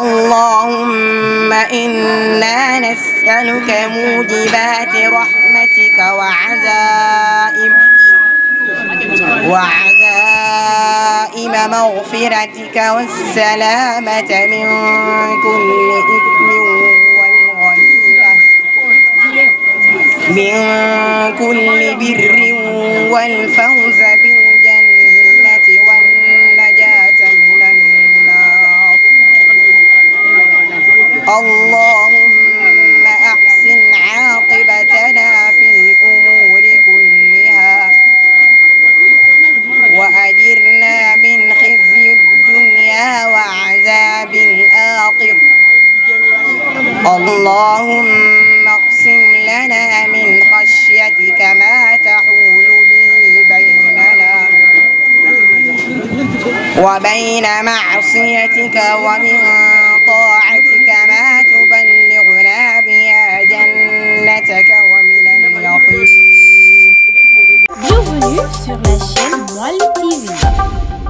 اللهم إنا نسألك موجبات رحمتك وعزائم وعزائم مغفرتك والسلامة من كل إثم والغنيمة من كل بر والفوز اللهم أحسن عاقبتنا في الأمور كلها وأجرنا من خزي الدنيا وعذاب الآخرة اللهم اقسم لنا من خشيتك ما تحول به بيننا وبين معصيتك ومن sur la chaîne Mouhalim TV.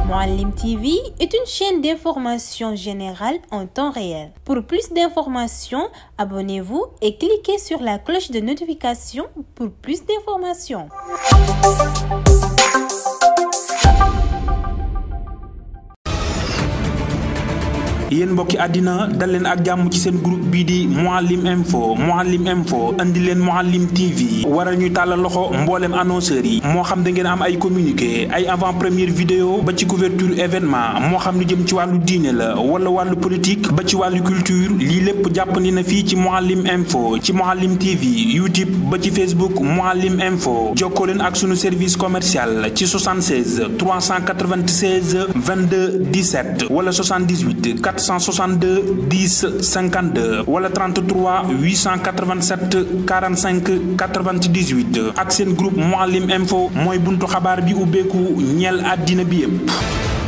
Mouhalim TV est une chaîne d'information générale en temps réel. Pour plus d'informations, abonnez-vous et cliquez sur la cloche de notification pour plus d'informations. yéen mbokki àddina dal leen ak jàmm ci seen groupe bii di Mouhalim info Mouhalim info andi leen Mouhalim TV waral ñuy tàllal loxo mbooleem annonceurs yi moo xam da ngeen am ay communiqué ay avant première vidéo ba ci couverture événement moo xam lu jëm ci wàllu diine la wala wàllu politique ba ci wàllu culture lii lépp jàppandi na fii ci Mouhalim info ci Mouhalim TV YouTube ba ci Facebook Mouhalim info jokkoo leen ak sunu service commercial ci 76 396 22 17 wala 78 462 10 52 wala 33 887 45 98 ak seen groupe Mouhalim Info mooy buntu xabaar bi ubbeeku ñeel àddina bi yëpp.